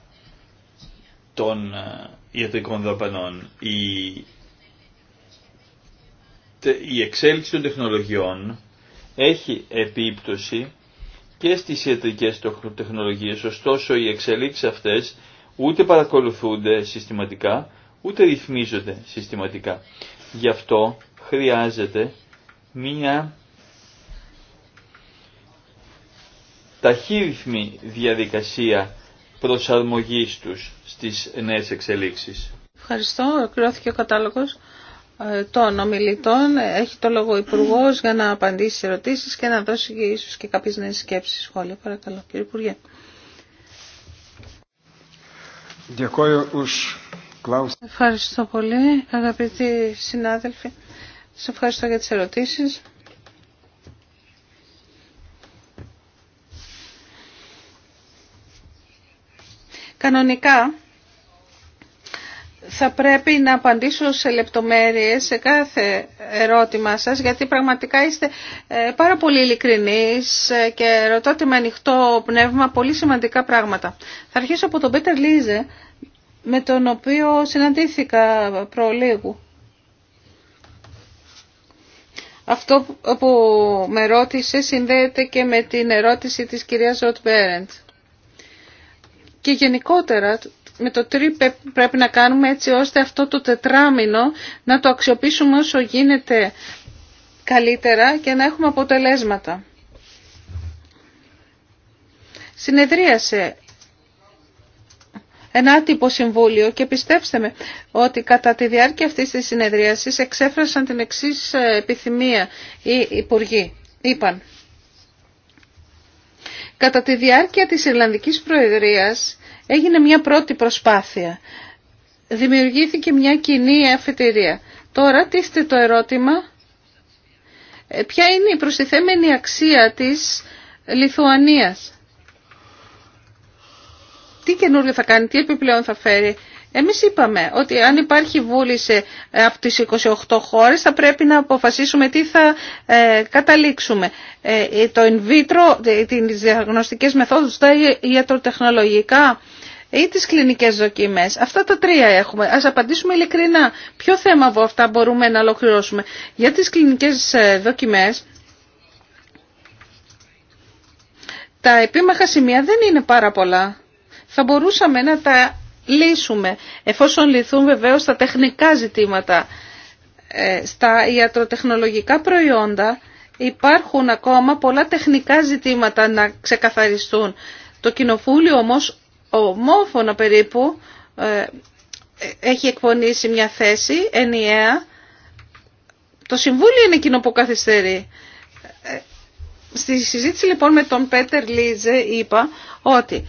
των ε, ιατρικών δαπανών. Η, η εξέλιξη των τεχνολογιών έχει επίπτωση και στις ιατρικές τεχνολογίες, ωστόσο οι εξελίξεις αυτές ούτε παρακολουθούνται συστηματικά, ούτε ρυθμίζονται συστηματικά. Γι' αυτό χρειάζεται μία ταχύρυθμη διαδικασία προσαρμογής τους στις νέες εξελίξεις. Ευχαριστώ. Ολοκληρώθηκε ο κατάλογος ε, των ομιλητών. Έχει το λόγο ο Υπουργό για να απαντήσει σε ερωτήσεις και να δώσει και ίσως και κάποιες νέες σκέψεις σχόλια. Παρακαλώ, κύριε Υπουργέ. Ευχαριστώ πολύ, αγαπητοί συνάδελφοι. Σας ευχαριστώ για τις ερωτήσεις. Κανονικά θα πρέπει να απαντήσω σε λεπτομέρειες σε κάθε ερώτημα σας, γιατί πραγματικά είστε ε, πάρα πολύ ειλικρινείς και ρωτάτε με ανοιχτό πνεύμα πολύ σημαντικά πράγματα. Θα αρχίσω από τον Πέτερ Λίζε, με τον οποίο συναντήθηκα προλίγου. Αυτό που με ρώτησε συνδέεται και με την ερώτηση της κυρίας Ροτ Μπέρεντ και γενικότερα με το τρί πρέπει να κάνουμε έτσι ώστε αυτό το τετράμινο να το αξιοποιήσουμε όσο γίνεται καλύτερα και να έχουμε αποτελέσματα. Συνεδρίασε ένα άτυπο συμβούλιο και πιστέψτε με ότι κατά τη διάρκεια αυτής της συνεδρίασης εξέφρασαν την εξής ε, επιθυμία οι υπουργοί. Είπαν Κατά τη διάρκεια της Ιρλανδικής Προεδρίας έγινε μια πρώτη προσπάθεια. Δημιουργήθηκε μια κοινή αφετηρία. Τώρα είστε το ερώτημα ε, ποια είναι η προστιθέμενη αξία της Λιθουανίας. Τι καινούριο θα κάνει, τι επιπλέον θα φέρει εμείς είπαμε ότι αν υπάρχει βούληση ε, από τις 28 χώρες θα πρέπει να αποφασίσουμε τι θα ε, καταλήξουμε. Ε, το in vitro, τις διαγνωστικές μεθόδους, τα ιατροτεχνολογικά ή τις κλινικές δοκιμές. Αυτά τα τρία έχουμε. Ας απαντήσουμε ειλικρινά. Ποιο θέμα από αυτά μπορούμε να ολοκληρώσουμε. Για τις κλινικές δοκιμές τα επίμαχα σημεία δεν είναι πάρα πολλά. Θα μπορούσαμε να τα λύσουμε, εφόσον λυθούν βεβαίως τα τεχνικά ζητήματα. Ε, στα ιατροτεχνολογικά προϊόντα υπάρχουν ακόμα πολλά τεχνικά ζητήματα να ξεκαθαριστούν. Το κοινοβούλιο όμως, ομόφωνα περίπου, ε, έχει εκπονήσει μια θέση ενιαία. Το Συμβούλιο είναι εκείνο που καθυστερεί. Ε, στη συζήτηση λοιπόν με τον Πέτερ Λίζε είπα ότι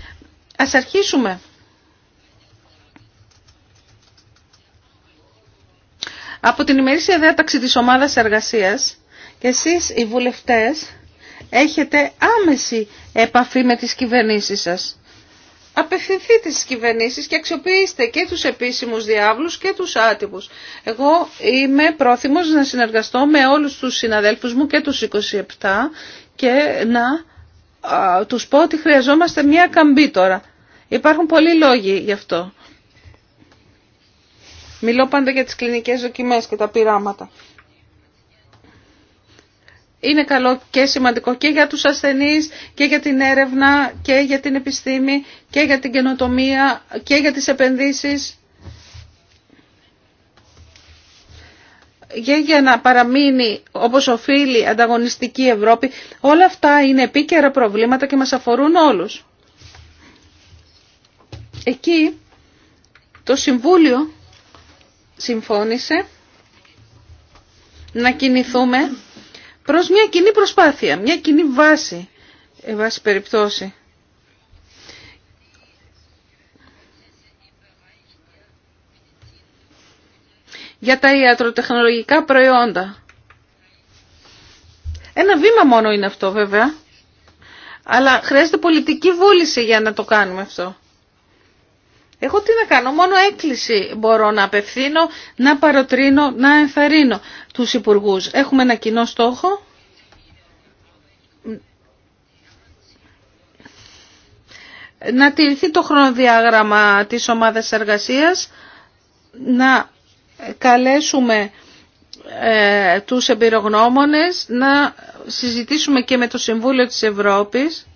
ας αρχίσουμε από την ημερήσια διάταξη της ομάδας εργασίας και εσείς οι βουλευτές έχετε άμεση επαφή με τις κυβερνήσεις σας. Απευθυνθείτε στις κυβερνήσεις και αξιοποιήστε και τους επίσημους διάβλους και τους άτυπους. Εγώ είμαι πρόθυμος να συνεργαστώ με όλους τους συναδέλφους μου και τους 27 και να τους πω ότι χρειαζόμαστε μια καμπή τώρα. Υπάρχουν πολλοί λόγοι γι' αυτό. Μιλώ πάντα για τις κλινικές δοκιμές και τα πειράματα. Είναι καλό και σημαντικό και για τους ασθενείς και για την έρευνα και για την επιστήμη και για την καινοτομία και για τις επενδύσεις. και για να παραμείνει όπως οφείλει ανταγωνιστική Ευρώπη. Όλα αυτά είναι επίκαιρα προβλήματα και μας αφορούν όλους. Εκεί το Συμβούλιο συμφώνησε να κινηθούμε προς μια κοινή προσπάθεια, μια κοινή βάση, ε, βάση περιπτώσει. για τα ιατροτεχνολογικά προϊόντα. Ένα βήμα μόνο είναι αυτό βέβαια, αλλά χρειάζεται πολιτική βούληση για να το κάνουμε αυτό. Εγώ τι να κάνω, μόνο έκκληση μπορώ να απευθύνω, να παροτρύνω, να ενθαρρύνω τους υπουργούς. Έχουμε ένα κοινό στόχο. Να τηρηθεί το χρονοδιάγραμμα της ομάδας εργασίας, να καλέσουμε ε, τους εμπειρογνώμονες, να συζητήσουμε και με το Συμβούλιο της Ευρώπης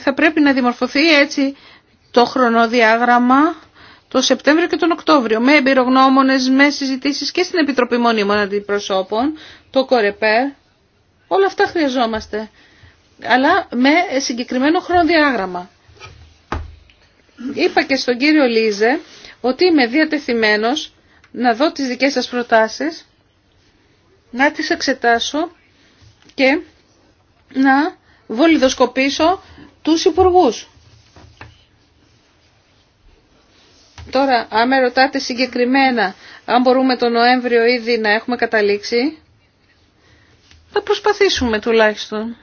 θα πρέπει να δημορφωθεί έτσι το χρονοδιάγραμμα το Σεπτέμβριο και τον Οκτώβριο με εμπειρογνώμονες, με συζητήσεις και στην Επιτροπή Μονίμων Αντιπροσώπων, το ΚΟΡΕΠΕΡ. Όλα αυτά χρειαζόμαστε. Αλλά με συγκεκριμένο χρονοδιάγραμμα. Είπα και στον κύριο Λίζε ότι είμαι διατεθειμένος να δω τις δικές σας προτάσεις, να τις εξετάσω και να βολιδοσκοπήσω τους υπουργούς. Τώρα, αν με ρωτάτε συγκεκριμένα αν μπορούμε τον Νοέμβριο ήδη να έχουμε καταλήξει, θα προσπαθήσουμε τουλάχιστον.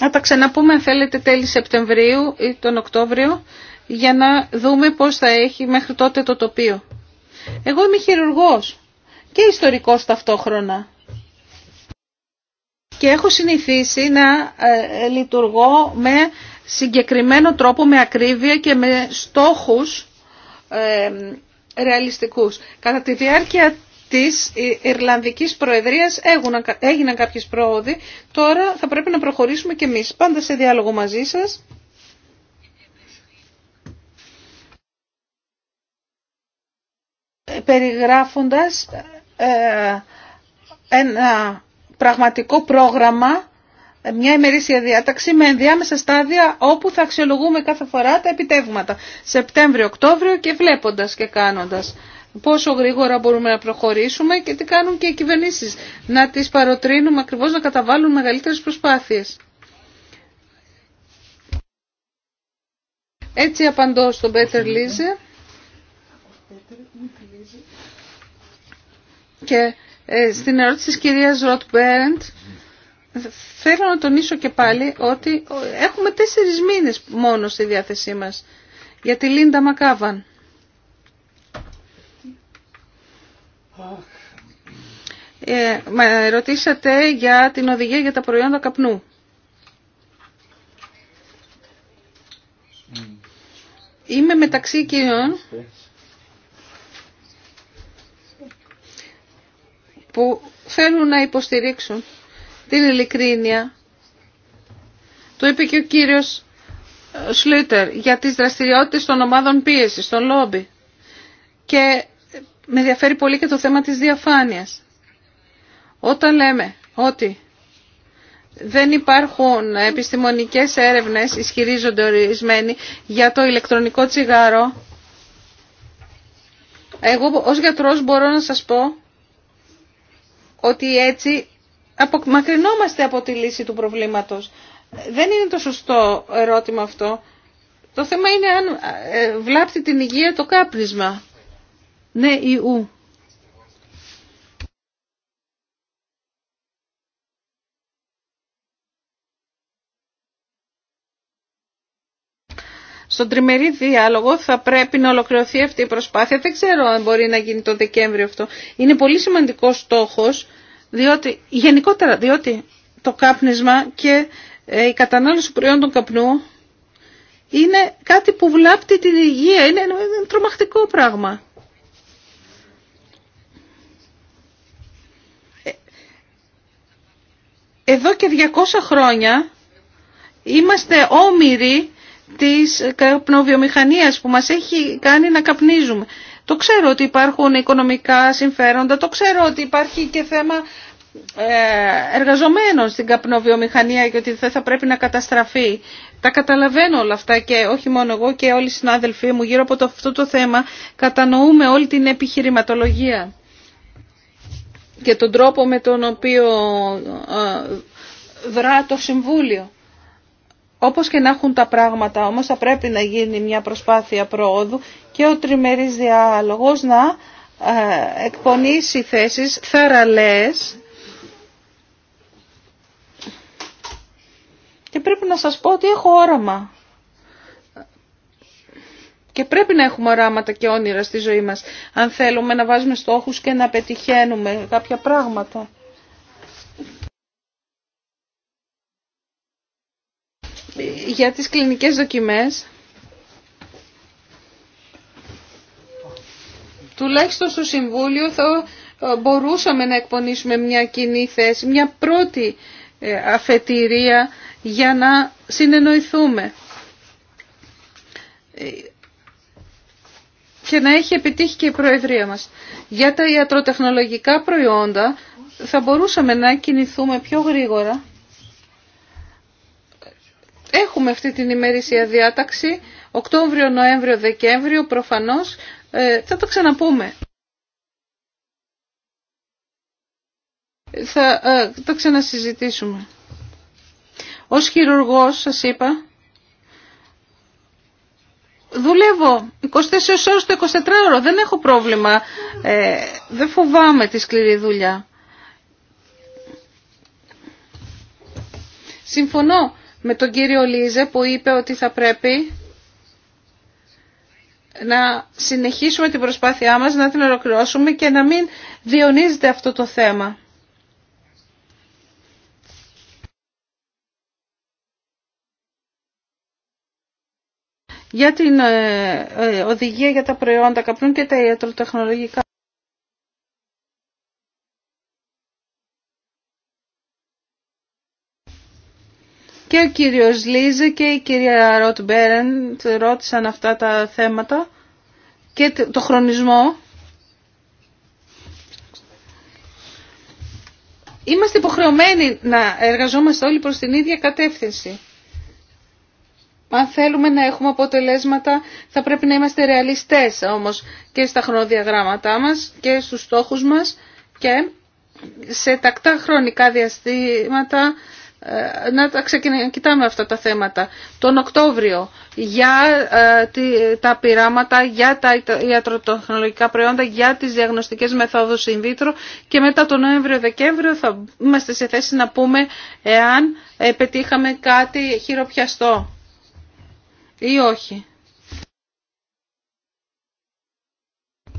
Να τα ξαναπούμε αν θέλετε τέλη Σεπτεμβρίου ή τον Οκτώβριο για να δούμε πώς θα έχει μέχρι τότε το τοπίο. Εγώ είμαι χειρουργός και ιστορικός ταυτόχρονα και έχω συνηθίσει να ε, λειτουργώ με συγκεκριμένο τρόπο, με ακρίβεια και με στόχους ε, ρεαλιστικούς. Κατά τη διάρκεια της Ιρλανδικής Προεδρίας έγιναν κάποιες πρόοδοι. Τώρα θα πρέπει να προχωρήσουμε και εμείς. Πάντα σε διάλογο μαζί σας. Περιγράφοντας ε, ένα πραγματικό πρόγραμμα, μια ημερήσια διάταξη με ενδιάμεσα στάδια όπου θα αξιολογούμε κάθε φορά τα επιτεύγματα. Σεπτέμβριο-Οκτώβριο και βλέποντας και κάνοντας πόσο γρήγορα μπορούμε να προχωρήσουμε και τι κάνουν και οι κυβερνήσεις. Να τις παροτρύνουμε ακριβώς να καταβάλουν μεγαλύτερες προσπάθειες. Έτσι απαντώ στον Πέτερ Λίζε. Και ε, στην ερώτηση της κυρίας Ροτ Μπέρντ, θέλω να τονίσω και πάλι ότι ε, έχουμε τέσσερις μήνες μόνο στη διάθεσή μας για τη Λίντα Μακάβαν. Ε, μα ρωτήσατε για την οδηγία για τα προϊόντα καπνού. Είμαι μεταξύ κυρίων. που θέλουν να υποστηρίξουν την ειλικρίνεια. Το είπε και ο κύριος ε, Σλίτερ για τις δραστηριότητες των ομάδων πίεσης, των λόμπι. Και με ενδιαφέρει πολύ και το θέμα της διαφάνειας. Όταν λέμε ότι δεν υπάρχουν επιστημονικές έρευνες, ισχυρίζονται ορισμένοι, για το ηλεκτρονικό τσιγάρο, εγώ ως γιατρός μπορώ να σας πω ότι έτσι μακρινόμαστε από τη λύση του προβλήματος. Δεν είναι το σωστό ερώτημα αυτό. Το θέμα είναι αν ε, βλάπτει την υγεία το κάπνισμα. Ναι ή ου. Στον τριμερή διάλογο θα πρέπει να ολοκληρωθεί αυτή η προσπάθεια. Δεν ξέρω αν μπορεί να γίνει το Δεκέμβριο αυτό. Είναι πολύ σημαντικός στόχος, διότι, γενικότερα διότι το κάπνισμα και ε, η κατανάλωση προϊόντων καπνού είναι κάτι που βλάπτει την υγεία. Είναι ένα τρομακτικό πράγμα. Ε, εδώ και 200 χρόνια είμαστε όμοιροι της καπνοβιομηχανίας που μας έχει κάνει να καπνίζουμε. Το ξέρω ότι υπάρχουν οικονομικά συμφέροντα, το ξέρω ότι υπάρχει και θέμα ε, εργαζομένων στην καπνοβιομηχανία και ότι δεν θα πρέπει να καταστραφεί. Τα καταλαβαίνω όλα αυτά και όχι μόνο εγώ και όλοι οι συνάδελφοί μου γύρω από αυτό το θέμα κατανοούμε όλη την επιχειρηματολογία και τον τρόπο με τον οποίο ε, δρά το Συμβούλιο. Όπως και να έχουν τα πράγματα όμως θα πρέπει να γίνει μια προσπάθεια προόδου και ο τριμερής διάλογος να ε, εκπονήσει θέσεις θεραλές και πρέπει να σας πω ότι έχω όραμα και πρέπει να έχουμε οράματα και όνειρα στη ζωή μας αν θέλουμε να βάζουμε στόχους και να πετυχαίνουμε κάποια πράγματα. για τις κλινικές δοκιμές τουλάχιστον στο Συμβούλιο θα ε, μπορούσαμε να εκπονήσουμε μια κοινή θέση, μια πρώτη ε, αφετηρία για να συνεννοηθούμε ε, και να έχει επιτύχει και η Προεδρία μας. Για τα ιατροτεχνολογικά προϊόντα θα μπορούσαμε να κινηθούμε πιο γρήγορα Έχουμε αυτή την ημερήσια διάταξη, Οκτώβριο, Νοέμβριο, Δεκέμβριο, προφανώς ε, θα το ξαναπούμε. Θα ε, το ξανασυζητήσουμε. Ως χειρουργός, σας είπα, δουλεύω 24 ώρες το 24ωρο, δεν έχω πρόβλημα, ε, δεν φοβάμαι τη σκληρή δουλειά. Συμφωνώ με τον κύριο Λίζε που είπε ότι θα πρέπει να συνεχίσουμε την προσπάθειά μας, να την ολοκληρώσουμε και να μην διονύζεται αυτό το θέμα. για την ε, ε, οδηγία για τα προϊόντα καπνού και τα ιατροτεχνολογικά. Και ο κύριος Λίζε και η κυρία Ροτ Μπέρεν ρώτησαν αυτά τα θέματα και το χρονισμό. Είμαστε υποχρεωμένοι να εργαζόμαστε όλοι προς την ίδια κατεύθυνση. Αν θέλουμε να έχουμε αποτελέσματα θα πρέπει να είμαστε ρεαλιστές όμως και στα χρονοδιαγράμματά μας και στους στόχους μας και σε τακτά χρονικά διαστήματα ε, να τα κοιτάμε αυτά τα θέματα τον Οκτώβριο για ε, τα πειράματα, για τα ιατροτεχνολογικά προϊόντα, για τις διαγνωστικές μεθόδους in vitro και μετά τον Νοέμβριο-Δεκέμβριο θα είμαστε σε θέση να πούμε εάν ε, πετύχαμε κάτι χειροπιαστό ή όχι.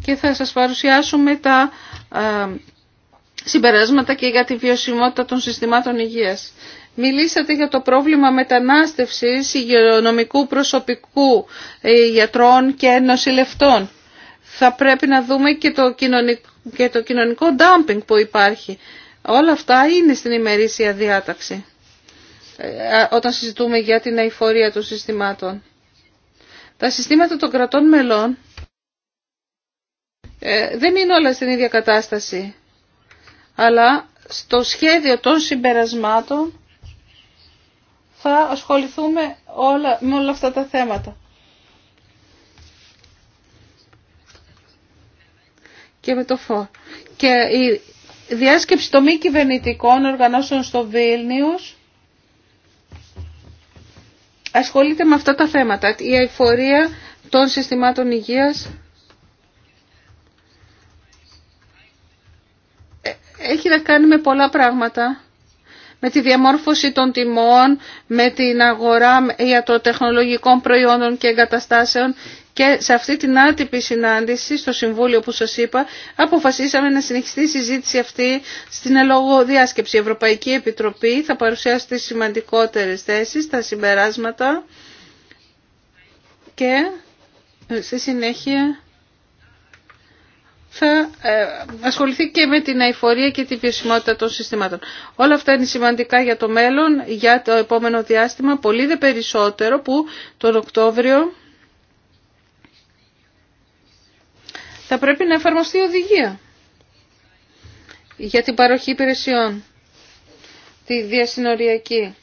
Και θα σας παρουσιάσουμε τα συμπεράσματα και για τη βιωσιμότητα των συστημάτων υγείας. Μιλήσατε για το πρόβλημα μετανάστευσης υγειονομικού προσωπικού ε, γιατρών και νοσηλευτών. Θα πρέπει να δούμε και το κοινωνικό, και το κοινωνικό dumping που υπάρχει. Όλα αυτά είναι στην ημερήσια διάταξη ε, όταν συζητούμε για την αηφορία των συστημάτων. Τα συστήματα των κρατών μελών ε, δεν είναι όλα στην ίδια κατάσταση αλλά στο σχέδιο των συμπερασμάτων θα ασχοληθούμε όλα, με όλα αυτά τα θέματα. Και με το φω. Και η διάσκεψη των μη κυβερνητικών οργανώσεων στο Βίλνιους ασχολείται με αυτά τα θέματα. Η αηφορία των συστημάτων υγείας έχει να κάνει με πολλά πράγματα. Με τη διαμόρφωση των τιμών, με την αγορά ιατροτεχνολογικών προϊόντων και εγκαταστάσεων και σε αυτή την άτυπη συνάντηση στο Συμβούλιο που σας είπα αποφασίσαμε να συνεχιστεί η συζήτηση αυτή στην ελόγω διάσκεψη. Η Ευρωπαϊκή Επιτροπή θα παρουσιάσει τις σημαντικότερες θέσεις, τα συμπεράσματα και ε, στη συνέχεια θα ε, ασχοληθεί και με την αηφορία και την βιωσιμότητα των συστημάτων. Όλα αυτά είναι σημαντικά για το μέλλον, για το επόμενο διάστημα, πολύ δε περισσότερο που τον Οκτώβριο θα πρέπει να εφαρμοστεί οδηγία για την παροχή υπηρεσιών, τη διασυνοριακή.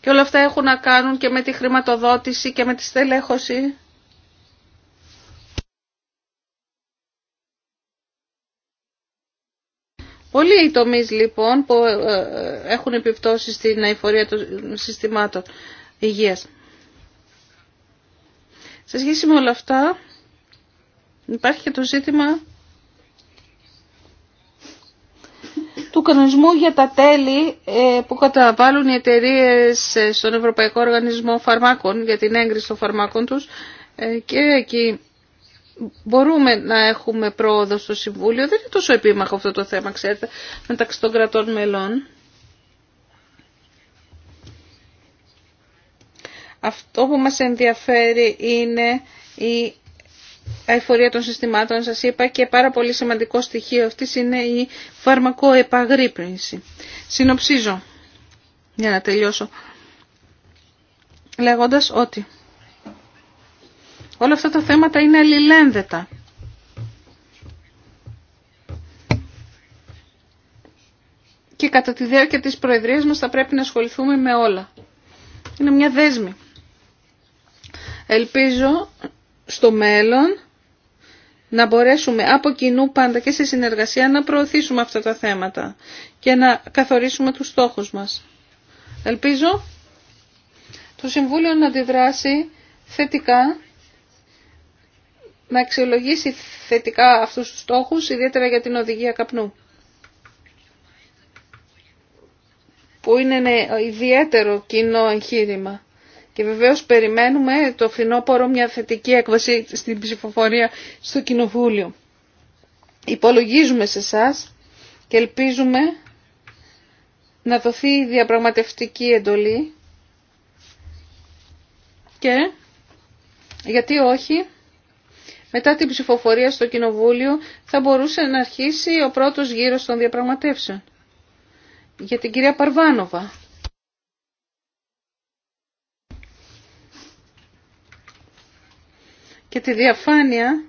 Και όλα αυτά έχουν να κάνουν και με τη χρηματοδότηση και με τη στελέχωση Πολλοί οι τομείς λοιπόν που ε, ε, έχουν επιπτώσει στην αηφορία των συστημάτων υγείας. Σε σχέση με όλα αυτά υπάρχει και το ζήτημα του κανονισμού για τα τέλη ε, που καταβάλουν οι εταιρείε στον Ευρωπαϊκό Οργανισμό Φαρμάκων για την έγκριση των φαρμάκων τους και εκεί μπορούμε να έχουμε πρόοδο στο Συμβούλιο. Δεν είναι τόσο επίμαχο αυτό το θέμα, ξέρετε, μεταξύ των κρατών μελών. Αυτό που μας ενδιαφέρει είναι η αηφορία των συστημάτων, σας είπα, και πάρα πολύ σημαντικό στοιχείο αυτής είναι η φαρμακοεπαγρύπνηση. Συνοψίζω, για να τελειώσω, λέγοντας ότι Όλα αυτά τα θέματα είναι αλληλένδετα. Και κατά τη διάρκεια της Προεδρίας μας θα πρέπει να ασχοληθούμε με όλα. Είναι μια δέσμη. Ελπίζω στο μέλλον να μπορέσουμε από κοινού πάντα και σε συνεργασία να προωθήσουμε αυτά τα θέματα και να καθορίσουμε τους στόχους μας. Ελπίζω το Συμβούλιο να αντιδράσει θετικά να αξιολογήσει θετικά αυτούς τους στόχους, ιδιαίτερα για την οδηγία καπνού. Που είναι ένα ιδιαίτερο κοινό εγχείρημα. Και βεβαίως περιμένουμε το φινόπορο μια θετική έκβαση στην ψηφοφορία στο Κοινοβούλιο. Υπολογίζουμε σε εσά και ελπίζουμε να δοθεί η διαπραγματευτική εντολή και γιατί όχι μετά την ψηφοφορία στο Κοινοβούλιο θα μπορούσε να αρχίσει ο πρώτος γύρος των διαπραγματεύσεων. Για την κυρία Παρβάνοβα. Και τη διαφάνεια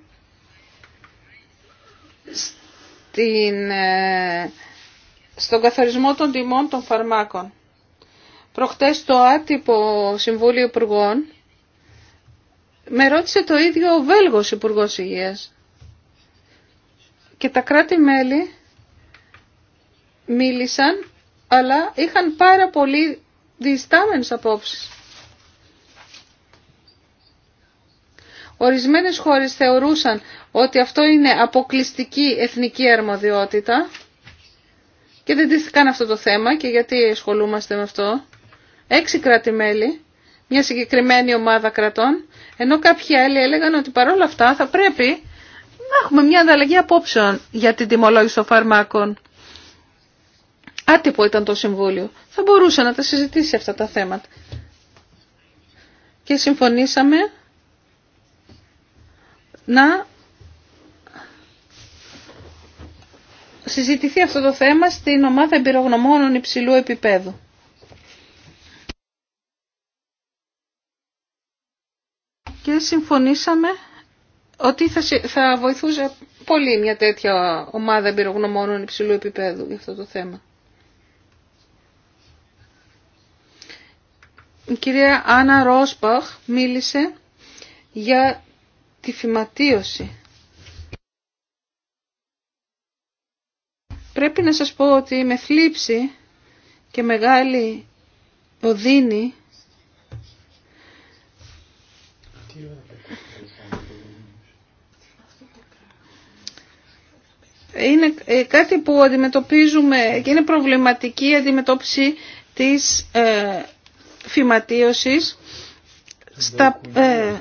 ε, στον καθορισμό των τιμών των φαρμάκων. Προχτές το άτυπο Συμβούλιο Υπουργών με ρώτησε το ίδιο ο Βέλγος υπουργό Υγείας. Και τα κράτη-μέλη μίλησαν, αλλά είχαν πάρα πολύ διστάμενες απόψεις. Ορισμένες χώρες θεωρούσαν ότι αυτό είναι αποκλειστική εθνική αρμοδιότητα και δεν τίθηκαν αυτό το θέμα και γιατί ασχολούμαστε με αυτό. Έξι κράτη-μέλη μια συγκεκριμένη ομάδα κρατών, ενώ κάποιοι άλλοι έλεγαν ότι παρόλα αυτά θα πρέπει να έχουμε μια ανταλλαγή απόψεων για την τιμολόγηση των φαρμάκων. Άτυπο ήταν το Συμβούλιο. Θα μπορούσε να τα συζητήσει αυτά τα θέματα. Και συμφωνήσαμε να συζητηθεί αυτό το θέμα στην ομάδα εμπειρογνωμόνων υψηλού επίπεδου. και συμφωνήσαμε ότι θα, θα βοηθούσε πολύ μια τέτοια ομάδα εμπειρογνωμόνων υψηλού επίπεδου για αυτό το θέμα. Η κυρία Άννα Ρόσπαχ μίλησε για τη φυματίωση. Πρέπει να σας πω ότι με θλίψη και μεγάλη οδύνη είναι ε, κάτι που αντιμετωπίζουμε και είναι προβληματική η αντιμετώπιση της ε, φυματίωσης στα ε,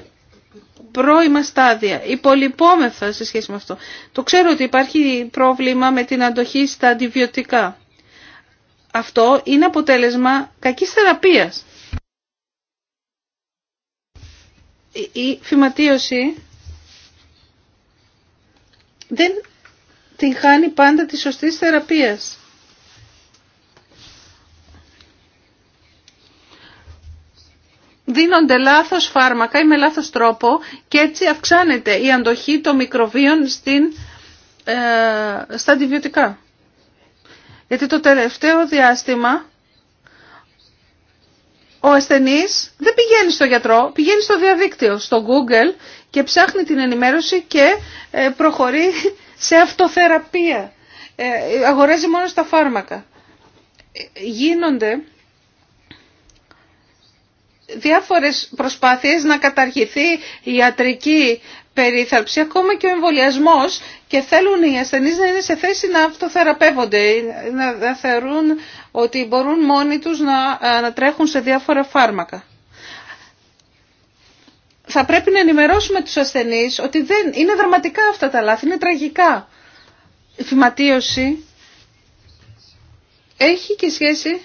πρώιμα στάδια. Υπολοιπόμεθα σε σχέση με αυτό. Το ξέρω ότι υπάρχει πρόβλημα με την αντοχή στα αντιβιωτικά. Αυτό είναι αποτέλεσμα κακής θεραπείας. Η φυματίωση δεν την χάνει πάντα τη σωστή θεραπείας. Δίνονται λάθο φάρμακα ή με λάθος τρόπο και έτσι αυξάνεται η αντοχή των μικροβίων στην, ε, στα αντιβιωτικά. Γιατί το τελευταίο διάστημα ο ασθενής δεν πηγαίνει στο γιατρό, πηγαίνει στο διαδίκτυο, στο Google και ψάχνει την ενημέρωση και ε, προχωρεί σε αυτοθεραπεία. Ε, αγοράζει μόνο στα φάρμακα. Γίνονται διάφορες προσπάθειες να καταρχηθεί η ιατρική περίθαλψη, ακόμα και ο εμβολιασμό και θέλουν οι ασθενείς να είναι σε θέση να αυτοθεραπεύονται, να θεωρούν ότι μπορούν μόνοι τους να τρέχουν σε διάφορα φάρμακα θα πρέπει να ενημερώσουμε τους ασθενείς ότι δεν, είναι δραματικά αυτά τα λάθη, είναι τραγικά. Η φυματίωση έχει και σχέση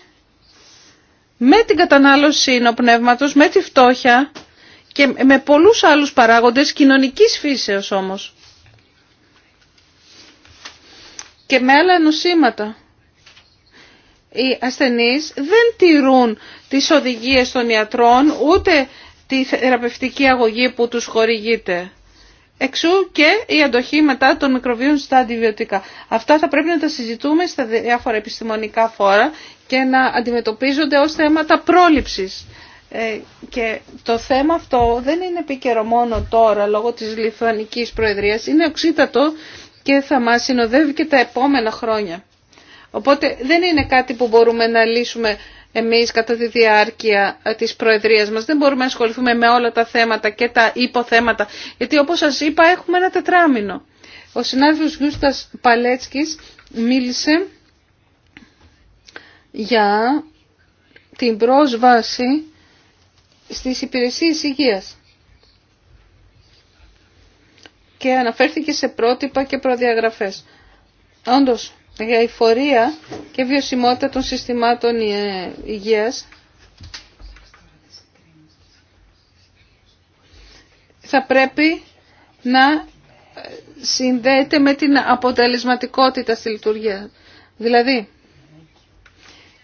με την κατανάλωση νοπνεύματος, με τη φτώχεια και με πολλούς άλλους παράγοντες κοινωνικής φύσεως όμως. Και με άλλα νοσήματα. Οι ασθενείς δεν τηρούν τις οδηγίες των ιατρών, ούτε τη θεραπευτική αγωγή που τους χορηγείται. Εξού και η αντοχή μετά των μικροβίων στα αντιβιωτικά. Αυτά θα πρέπει να τα συζητούμε στα διάφορα επιστημονικά φόρα και να αντιμετωπίζονται ως θέματα πρόληψης. Ε, και το θέμα αυτό δεν είναι επίκαιρο μόνο τώρα λόγω της Λιθουανικής Προεδρίας, είναι οξύτατο και θα μας συνοδεύει και τα επόμενα χρόνια. Οπότε δεν είναι κάτι που μπορούμε να λύσουμε εμείς κατά τη διάρκεια ε, της Προεδρίας μας. Δεν μπορούμε να ασχοληθούμε με όλα τα θέματα και τα υποθέματα, γιατί όπως σας είπα έχουμε ένα τετράμινο. Ο συνάδελφος Γιούστας Παλέτσκης μίλησε για την πρόσβαση στις υπηρεσίες υγείας και αναφέρθηκε σε πρότυπα και προδιαγραφές. Όντως, για η φορεία και βιωσιμότητα των συστημάτων ε, υγείας θα πρέπει να ε, συνδέεται με την αποτελεσματικότητα στη λειτουργία. Δηλαδή,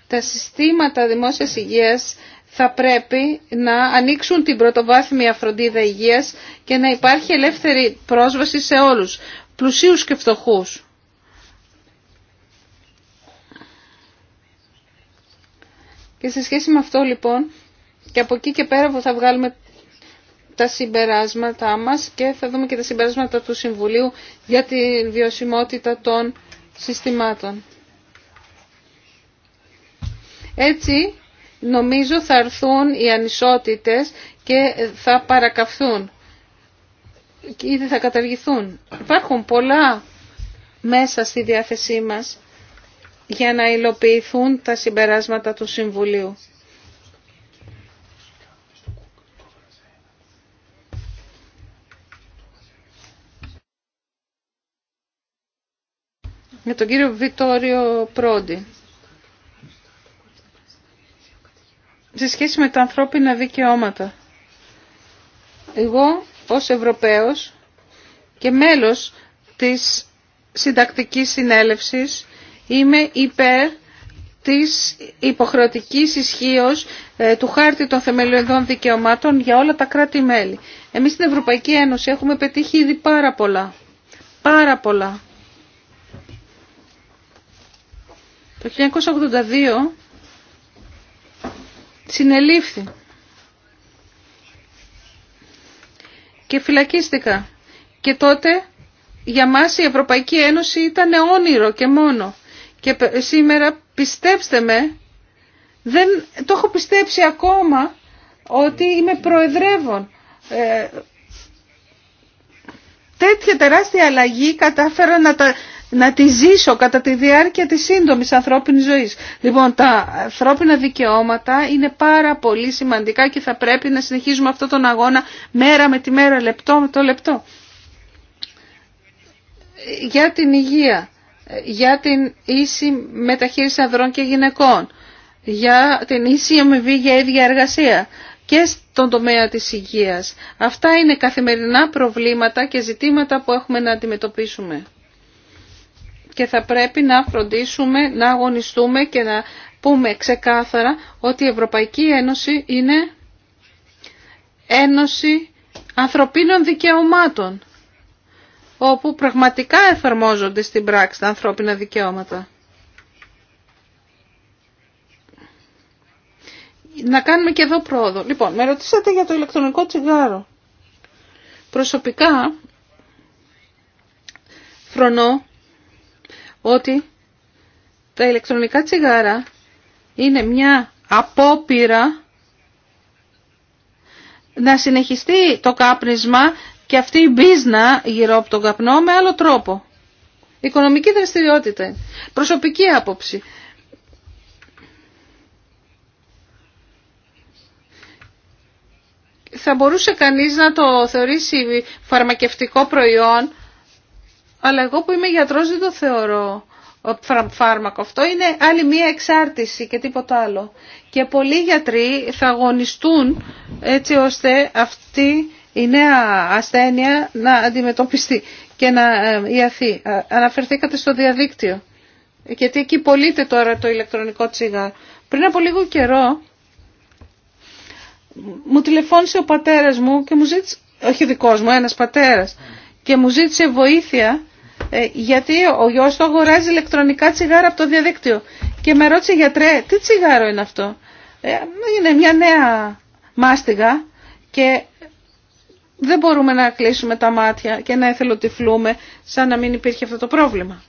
τα συστήματα δημόσιας υγείας θα πρέπει να ανοίξουν την πρωτοβάθμια φροντίδα υγείας και να υπάρχει ελεύθερη πρόσβαση σε όλους, πλουσίους και φτωχούς. Και σε σχέση με αυτό λοιπόν και από εκεί και πέρα θα βγάλουμε τα συμπεράσματά μας και θα δούμε και τα συμπεράσματα του Συμβουλίου για τη βιωσιμότητα των συστημάτων. Έτσι νομίζω θα έρθουν οι ανισότητες και θα παρακαυθούν ή θα καταργηθούν. Υπάρχουν πολλά μέσα στη διάθεσή μας για να υλοποιηθούν τα συμπεράσματα του Συμβουλίου. Με τον κύριο Βιτόριο Πρόντι. Σε σχέση με τα ανθρώπινα δικαιώματα. Εγώ ως Ευρωπαίος και μέλος της συντακτικής συνέλευσης Είμαι υπέρ της υποχρεωτικής ισχύω ε, του χάρτη των θεμελιωδών δικαιωμάτων για όλα τα κράτη-μέλη. Εμείς στην Ευρωπαϊκή Ένωση έχουμε πετύχει ήδη πάρα πολλά. Πάρα πολλά. Το 1982 συνελήφθη και φυλακίστηκα. Και τότε για μας η Ευρωπαϊκή Ένωση ήταν όνειρο και μόνο. Και σήμερα πιστέψτε με, δεν το έχω πιστέψει ακόμα ότι είμαι προεδρεύων. Ε, τέτοια τεράστια αλλαγή κατάφερα να, τα, να τη ζήσω κατά τη διάρκεια της σύντομης ανθρώπινης ζωής. Λοιπόν, τα ανθρώπινα δικαιώματα είναι πάρα πολύ σημαντικά και θα πρέπει να συνεχίζουμε αυτόν τον αγώνα μέρα με τη μέρα, λεπτό με το λεπτό. Για την υγεία για την ίση μεταχείριση ανδρών και γυναικών, για την ίση αμοιβή για ίδια εργασία και στον τομέα της υγείας. Αυτά είναι καθημερινά προβλήματα και ζητήματα που έχουμε να αντιμετωπίσουμε. Και θα πρέπει να φροντίσουμε, να αγωνιστούμε και να πούμε ξεκάθαρα ότι η Ευρωπαϊκή Ένωση είναι ένωση ανθρωπίνων δικαιωμάτων όπου πραγματικά εφαρμόζονται στην πράξη τα ανθρώπινα δικαιώματα. Να κάνουμε και εδώ πρόοδο. Λοιπόν, με ρωτήσατε για το ηλεκτρονικό τσιγάρο. Προσωπικά φρονώ ότι τα ηλεκτρονικά τσιγάρα είναι μια απόπειρα να συνεχιστεί το κάπνισμα και αυτή η μπίζνα γύρω από τον καπνό με άλλο τρόπο. Οικονομική δραστηριότητα. Προσωπική άποψη. Θα μπορούσε κανείς να το θεωρήσει φαρμακευτικό προϊόν, αλλά εγώ που είμαι γιατρός δεν το θεωρώ φάρμακο. Αυτό είναι άλλη μία εξάρτηση και τίποτα άλλο. Και πολλοί γιατροί θα αγωνιστούν έτσι ώστε αυτή η νέα ασθένεια να αντιμετωπιστεί και να ε, ιαθεί. Ε, αναφερθήκατε στο διαδίκτυο. Γιατί εκεί πωλείται τώρα το ηλεκτρονικό τσιγάρο. Πριν από λίγο καιρό μου τηλεφώνησε ο πατέρας μου και μου ζήτησε, όχι δικός μου, ένας πατέρας, και μου ζήτησε βοήθεια ε, γιατί ο γιος του αγοράζει ηλεκτρονικά τσιγάρα από το διαδίκτυο. Και με ρώτησε γιατρέ, τι τσιγάρο είναι αυτό. είναι μια νέα μάστιγα και δεν μπορούμε να κλείσουμε τα μάτια και να εθελοτυφλούμε σαν να μην υπήρχε αυτό το πρόβλημα.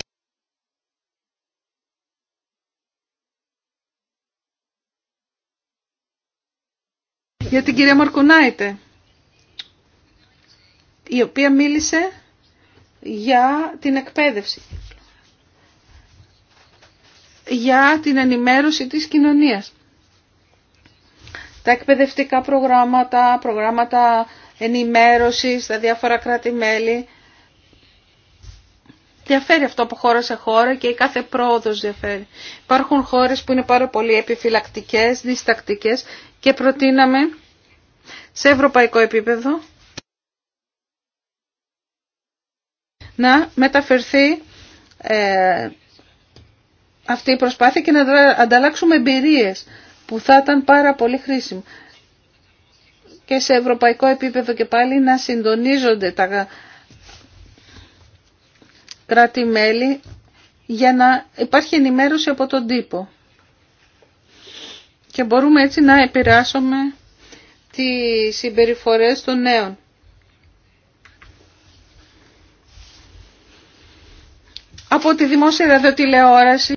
Για την κυρία Μαρκουνάιτε, η οποία μίλησε για την εκπαίδευση, για την ενημέρωση της κοινωνίας. Τα εκπαιδευτικά προγράμματα, προγράμματα ενημέρωση στα διάφορα κράτη-μέλη. Διαφέρει αυτό από χώρα σε χώρα και η κάθε πρόοδος διαφέρει. Υπάρχουν χώρες που είναι πάρα πολύ επιφυλακτικές, διστακτικές και προτείναμε σε ευρωπαϊκό επίπεδο να μεταφερθεί ε, αυτή η προσπάθεια και να ανταλλάξουμε εμπειρίες που θα ήταν πάρα πολύ χρήσιμο και σε ευρωπαϊκό επίπεδο και πάλι να συντονίζονται τα κράτη-μέλη για να υπάρχει ενημέρωση από τον τύπο. Και μπορούμε έτσι να επηρεάσουμε τις συμπεριφορές των νέων. Από τη δημόσια ραδιοτηλεόραση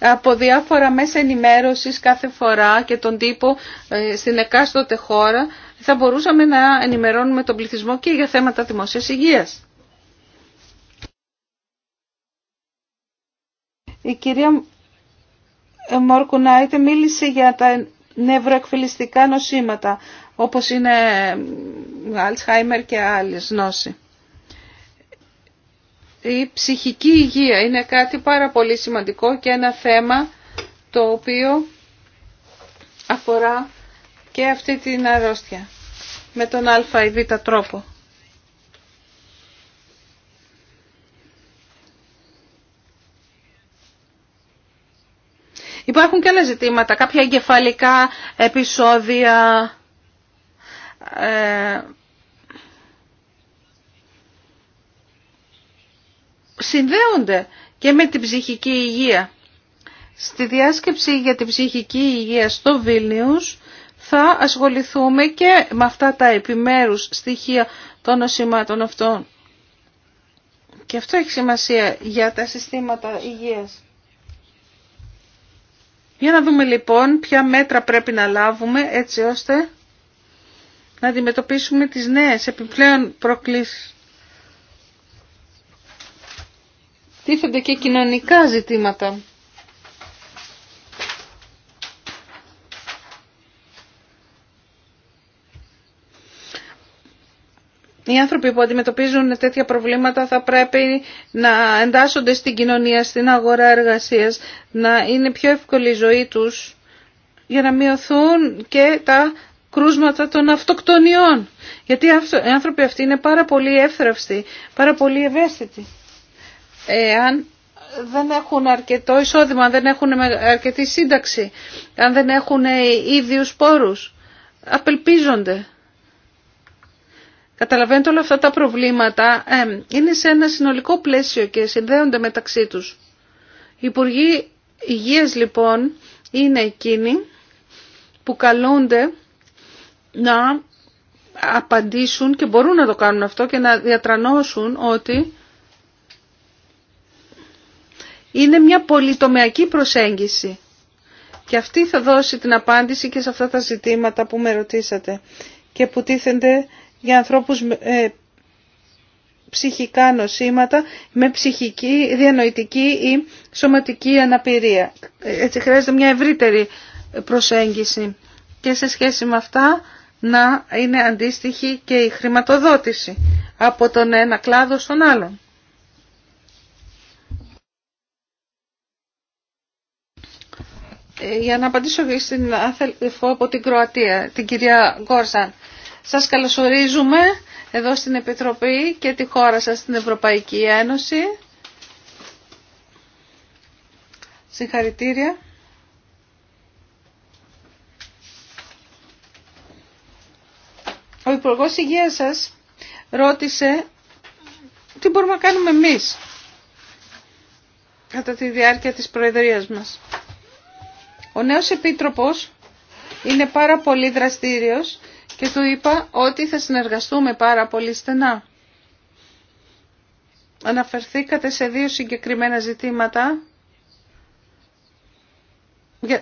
από διάφορα μέσα ενημέρωσης κάθε φορά και τον τύπο ε, στην εκάστοτε χώρα θα μπορούσαμε να ενημερώνουμε τον πληθυσμό και για θέματα δημόσιας υγείας. Η κυρία Μόρκουνάιτε μίλησε για τα νευροεκφυλιστικά νοσήματα όπως είναι Αλτσχάιμερ και άλλες νόσοι η ψυχική υγεία είναι κάτι πάρα πολύ σημαντικό και ένα θέμα το οποίο αφορά και αυτή την αρρώστια με τον α ή β τρόπο. Υπάρχουν και άλλα ζητήματα, κάποια εγκεφαλικά επεισόδια, ε, συνδέονται και με την ψυχική υγεία. Στη διάσκεψη για την ψυχική υγεία στο Βίλνιους θα ασχοληθούμε και με αυτά τα επιμέρους στοιχεία των νοσημάτων αυτών. Και αυτό έχει σημασία για τα συστήματα υγείας. Για να δούμε λοιπόν ποια μέτρα πρέπει να λάβουμε έτσι ώστε να αντιμετωπίσουμε τις νέες επιπλέον προκλήσεις. τίθενται και κοινωνικά ζητήματα. Οι άνθρωποι που αντιμετωπίζουν τέτοια προβλήματα θα πρέπει να εντάσσονται στην κοινωνία, στην αγορά εργασίας, να είναι πιο εύκολη η ζωή τους για να μειωθούν και τα κρούσματα των αυτοκτονιών. Γιατί οι άνθρωποι αυτοί είναι πάρα πολύ εύθραυστοι, πάρα πολύ ευαίσθητοι. Αν δεν έχουν αρκετό εισόδημα, αν δεν έχουν αρκετή σύνταξη, αν δεν έχουν ε, ίδιους πόρους. Απελπίζονται. Καταλαβαίνετε όλα αυτά τα προβλήματα είναι σε ένα συνολικό πλαίσιο και συνδέονται μεταξύ τους. Οι Υπουργοί Υγείας λοιπόν είναι εκείνοι που καλούνται να απαντήσουν και μπορούν να το κάνουν αυτό και να διατρανώσουν ότι είναι μια πολυτομεακή προσέγγιση. Και αυτή θα δώσει την απάντηση και σε αυτά τα ζητήματα που με ρωτήσατε και που τίθενται για ανθρώπους ε, ψυχικά νοσήματα, με ψυχική, διανοητική ή σωματική αναπηρία. Έτσι χρειάζεται μια ευρύτερη προσέγγιση και σε σχέση με αυτά να είναι αντίστοιχη και η χρηματοδότηση από τον ένα κλάδο στον άλλον. για να απαντήσω και στην άθελφο από την Κροατία, την κυρία Γκόρσαν. Σας καλωσορίζουμε εδώ στην Επιτροπή και τη χώρα σας στην Ευρωπαϊκή Ένωση. Συγχαρητήρια. Ο Υπουργός Υγείας σας ρώτησε τι μπορούμε να κάνουμε εμείς κατά τη διάρκεια της Προεδρίας μας. Ο νέος επίτροπος είναι πάρα πολύ δραστήριος και του είπα ότι θα συνεργαστούμε πάρα πολύ στενά. Αναφερθήκατε σε δύο συγκεκριμένα ζητήματα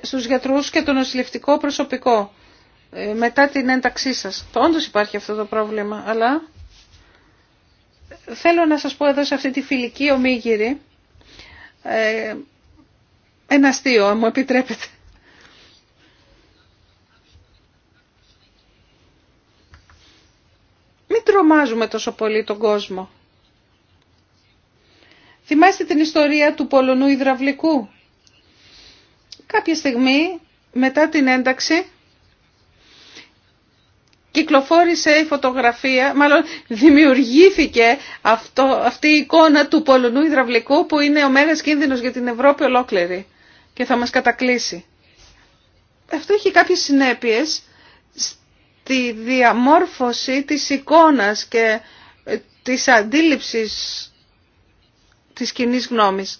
στους γιατρούς και το νοσηλευτικό προσωπικό ε, μετά την ένταξή σας. Όντως υπάρχει αυτό το πρόβλημα, αλλά θέλω να σας πω εδώ σε αυτή τη φιλική ομίγυρη ε, ένα αστείο, μου επιτρέπετε. τρομάζουμε τόσο πολύ τον κόσμο. Θυμάστε την ιστορία του Πολωνού Ιδραυλικού. Κάποια στιγμή μετά την ένταξη κυκλοφόρησε η φωτογραφία, μάλλον δημιουργήθηκε αυτό, αυτή η εικόνα του Πολωνού Ιδραυλικού που είναι ο μέγας κίνδυνος για την Ευρώπη ολόκληρη και θα μας κατακλείσει. Αυτό έχει κάποιες συνέπειες τη διαμόρφωση της εικόνας και της αντίληψης της κοινή γνώμης.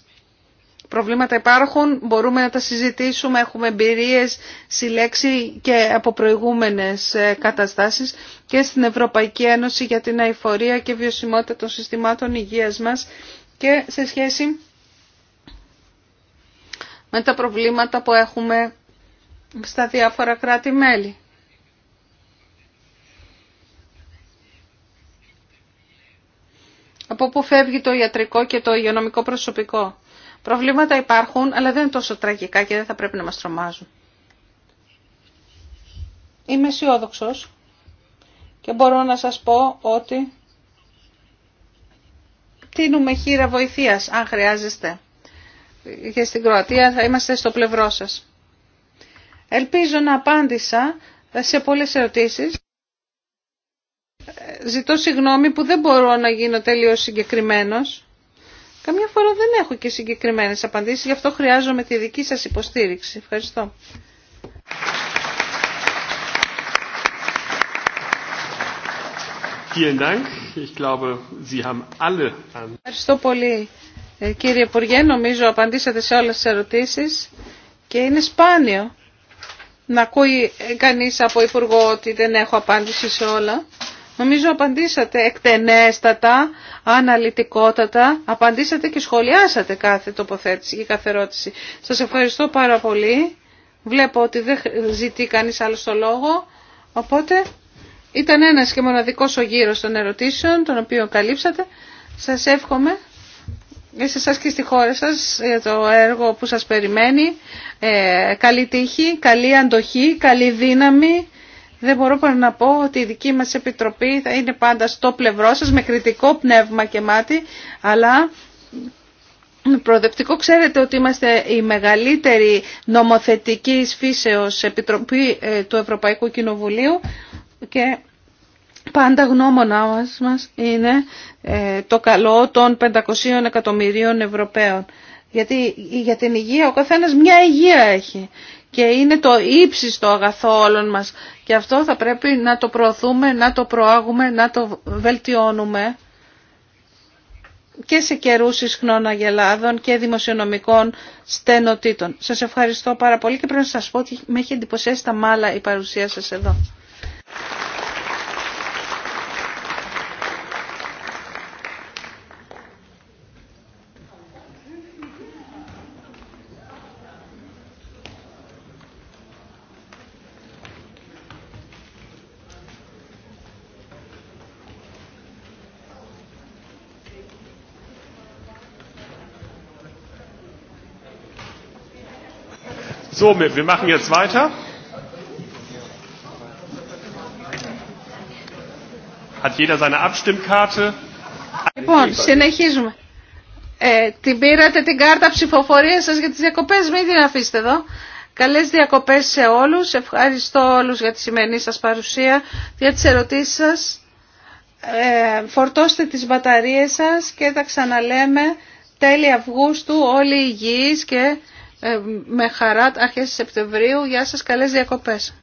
Προβλήματα υπάρχουν, μπορούμε να τα συζητήσουμε, έχουμε εμπειρίες συλλέξει και από προηγούμενες ε, καταστάσεις και στην Ευρωπαϊκή Ένωση για την αηφορία και βιωσιμότητα των συστημάτων υγείας μας και σε σχέση με τα προβλήματα που έχουμε στα διάφορα κράτη-μέλη. από πού φεύγει το ιατρικό και το υγειονομικό προσωπικό. Προβλήματα υπάρχουν, αλλά δεν είναι τόσο τραγικά και δεν θα πρέπει να μας τρομάζουν. Είμαι αισιόδοξο και μπορώ να σας πω ότι τίνουμε χείρα βοηθείας, αν χρειάζεστε. Και στην Κροατία θα είμαστε στο πλευρό σας. Ελπίζω να απάντησα σε πολλές ερωτήσεις. Ε, ζητώ συγγνώμη που δεν μπορώ να γίνω τέλειος συγκεκριμένος. Καμιά φορά δεν έχω και συγκεκριμένες απαντήσεις, γι' αυτό χρειάζομαι τη δική σας υποστήριξη. Ευχαριστώ. Ευχαριστώ πολύ ε, κύριε Υπουργέ. Νομίζω απαντήσατε σε όλες τις ερωτήσεις και είναι σπάνιο να ακούει κανείς από Υπουργό ότι δεν έχω απάντηση σε όλα. Νομίζω απαντήσατε εκτενέστατα, αναλυτικότατα, απαντήσατε και σχολιάσατε κάθε τοποθέτηση και κάθε ερώτηση. Σας ευχαριστώ πάρα πολύ. Βλέπω ότι δεν ζητεί κανείς άλλο το λόγο, οπότε ήταν ένας και μοναδικός ο γύρος των ερωτήσεων, τον οποίο καλύψατε. Σας εύχομαι και σε και στη χώρα σας για το έργο που σας περιμένει. Ε, καλή τύχη, καλή αντοχή, καλή δύναμη δεν μπορώ παρά να πω ότι η δική μας Επιτροπή θα είναι πάντα στο πλευρό σας με κριτικό πνεύμα και μάτι, αλλά προοδευτικό ξέρετε ότι είμαστε η μεγαλύτερη νομοθετική φύσεως Επιτροπή ε, του Ευρωπαϊκού Κοινοβουλίου και πάντα γνώμονά μας, μας είναι ε, το καλό των 500 εκατομμυρίων Ευρωπαίων. Γιατί για την υγεία ο καθένας μια υγεία έχει και είναι το ύψιστο αγαθό όλων μας. Και αυτό θα πρέπει να το προωθούμε, να το προάγουμε, να το βελτιώνουμε και σε καιρού ισχνών αγελάδων και δημοσιονομικών στενοτήτων. Σας ευχαριστώ πάρα πολύ και πρέπει να σας πω ότι με έχει εντυπωσιάσει τα μάλα η παρουσία σας εδώ. wir machen jetzt weiter. Hat jeder seine Abstimmkarte? Λοιπόν, συνεχίζουμε. Ε, την πήρατε την κάρτα ψηφοφορία σας για τις διακοπέ μην την αφήσετε εδώ. Καλές διακοπέ σε όλους. Ευχαριστώ όλους για τη σημερινή σας παρουσία, για τις ερωτήσεις σας. Ε, φορτώστε τις μπαταρίες σας και τα ξαναλέμε τέλη Αυγούστου όλοι υγιείς και ε, με χαρά αρχές Σεπτεμβρίου. Γεια σας, καλές διακοπές.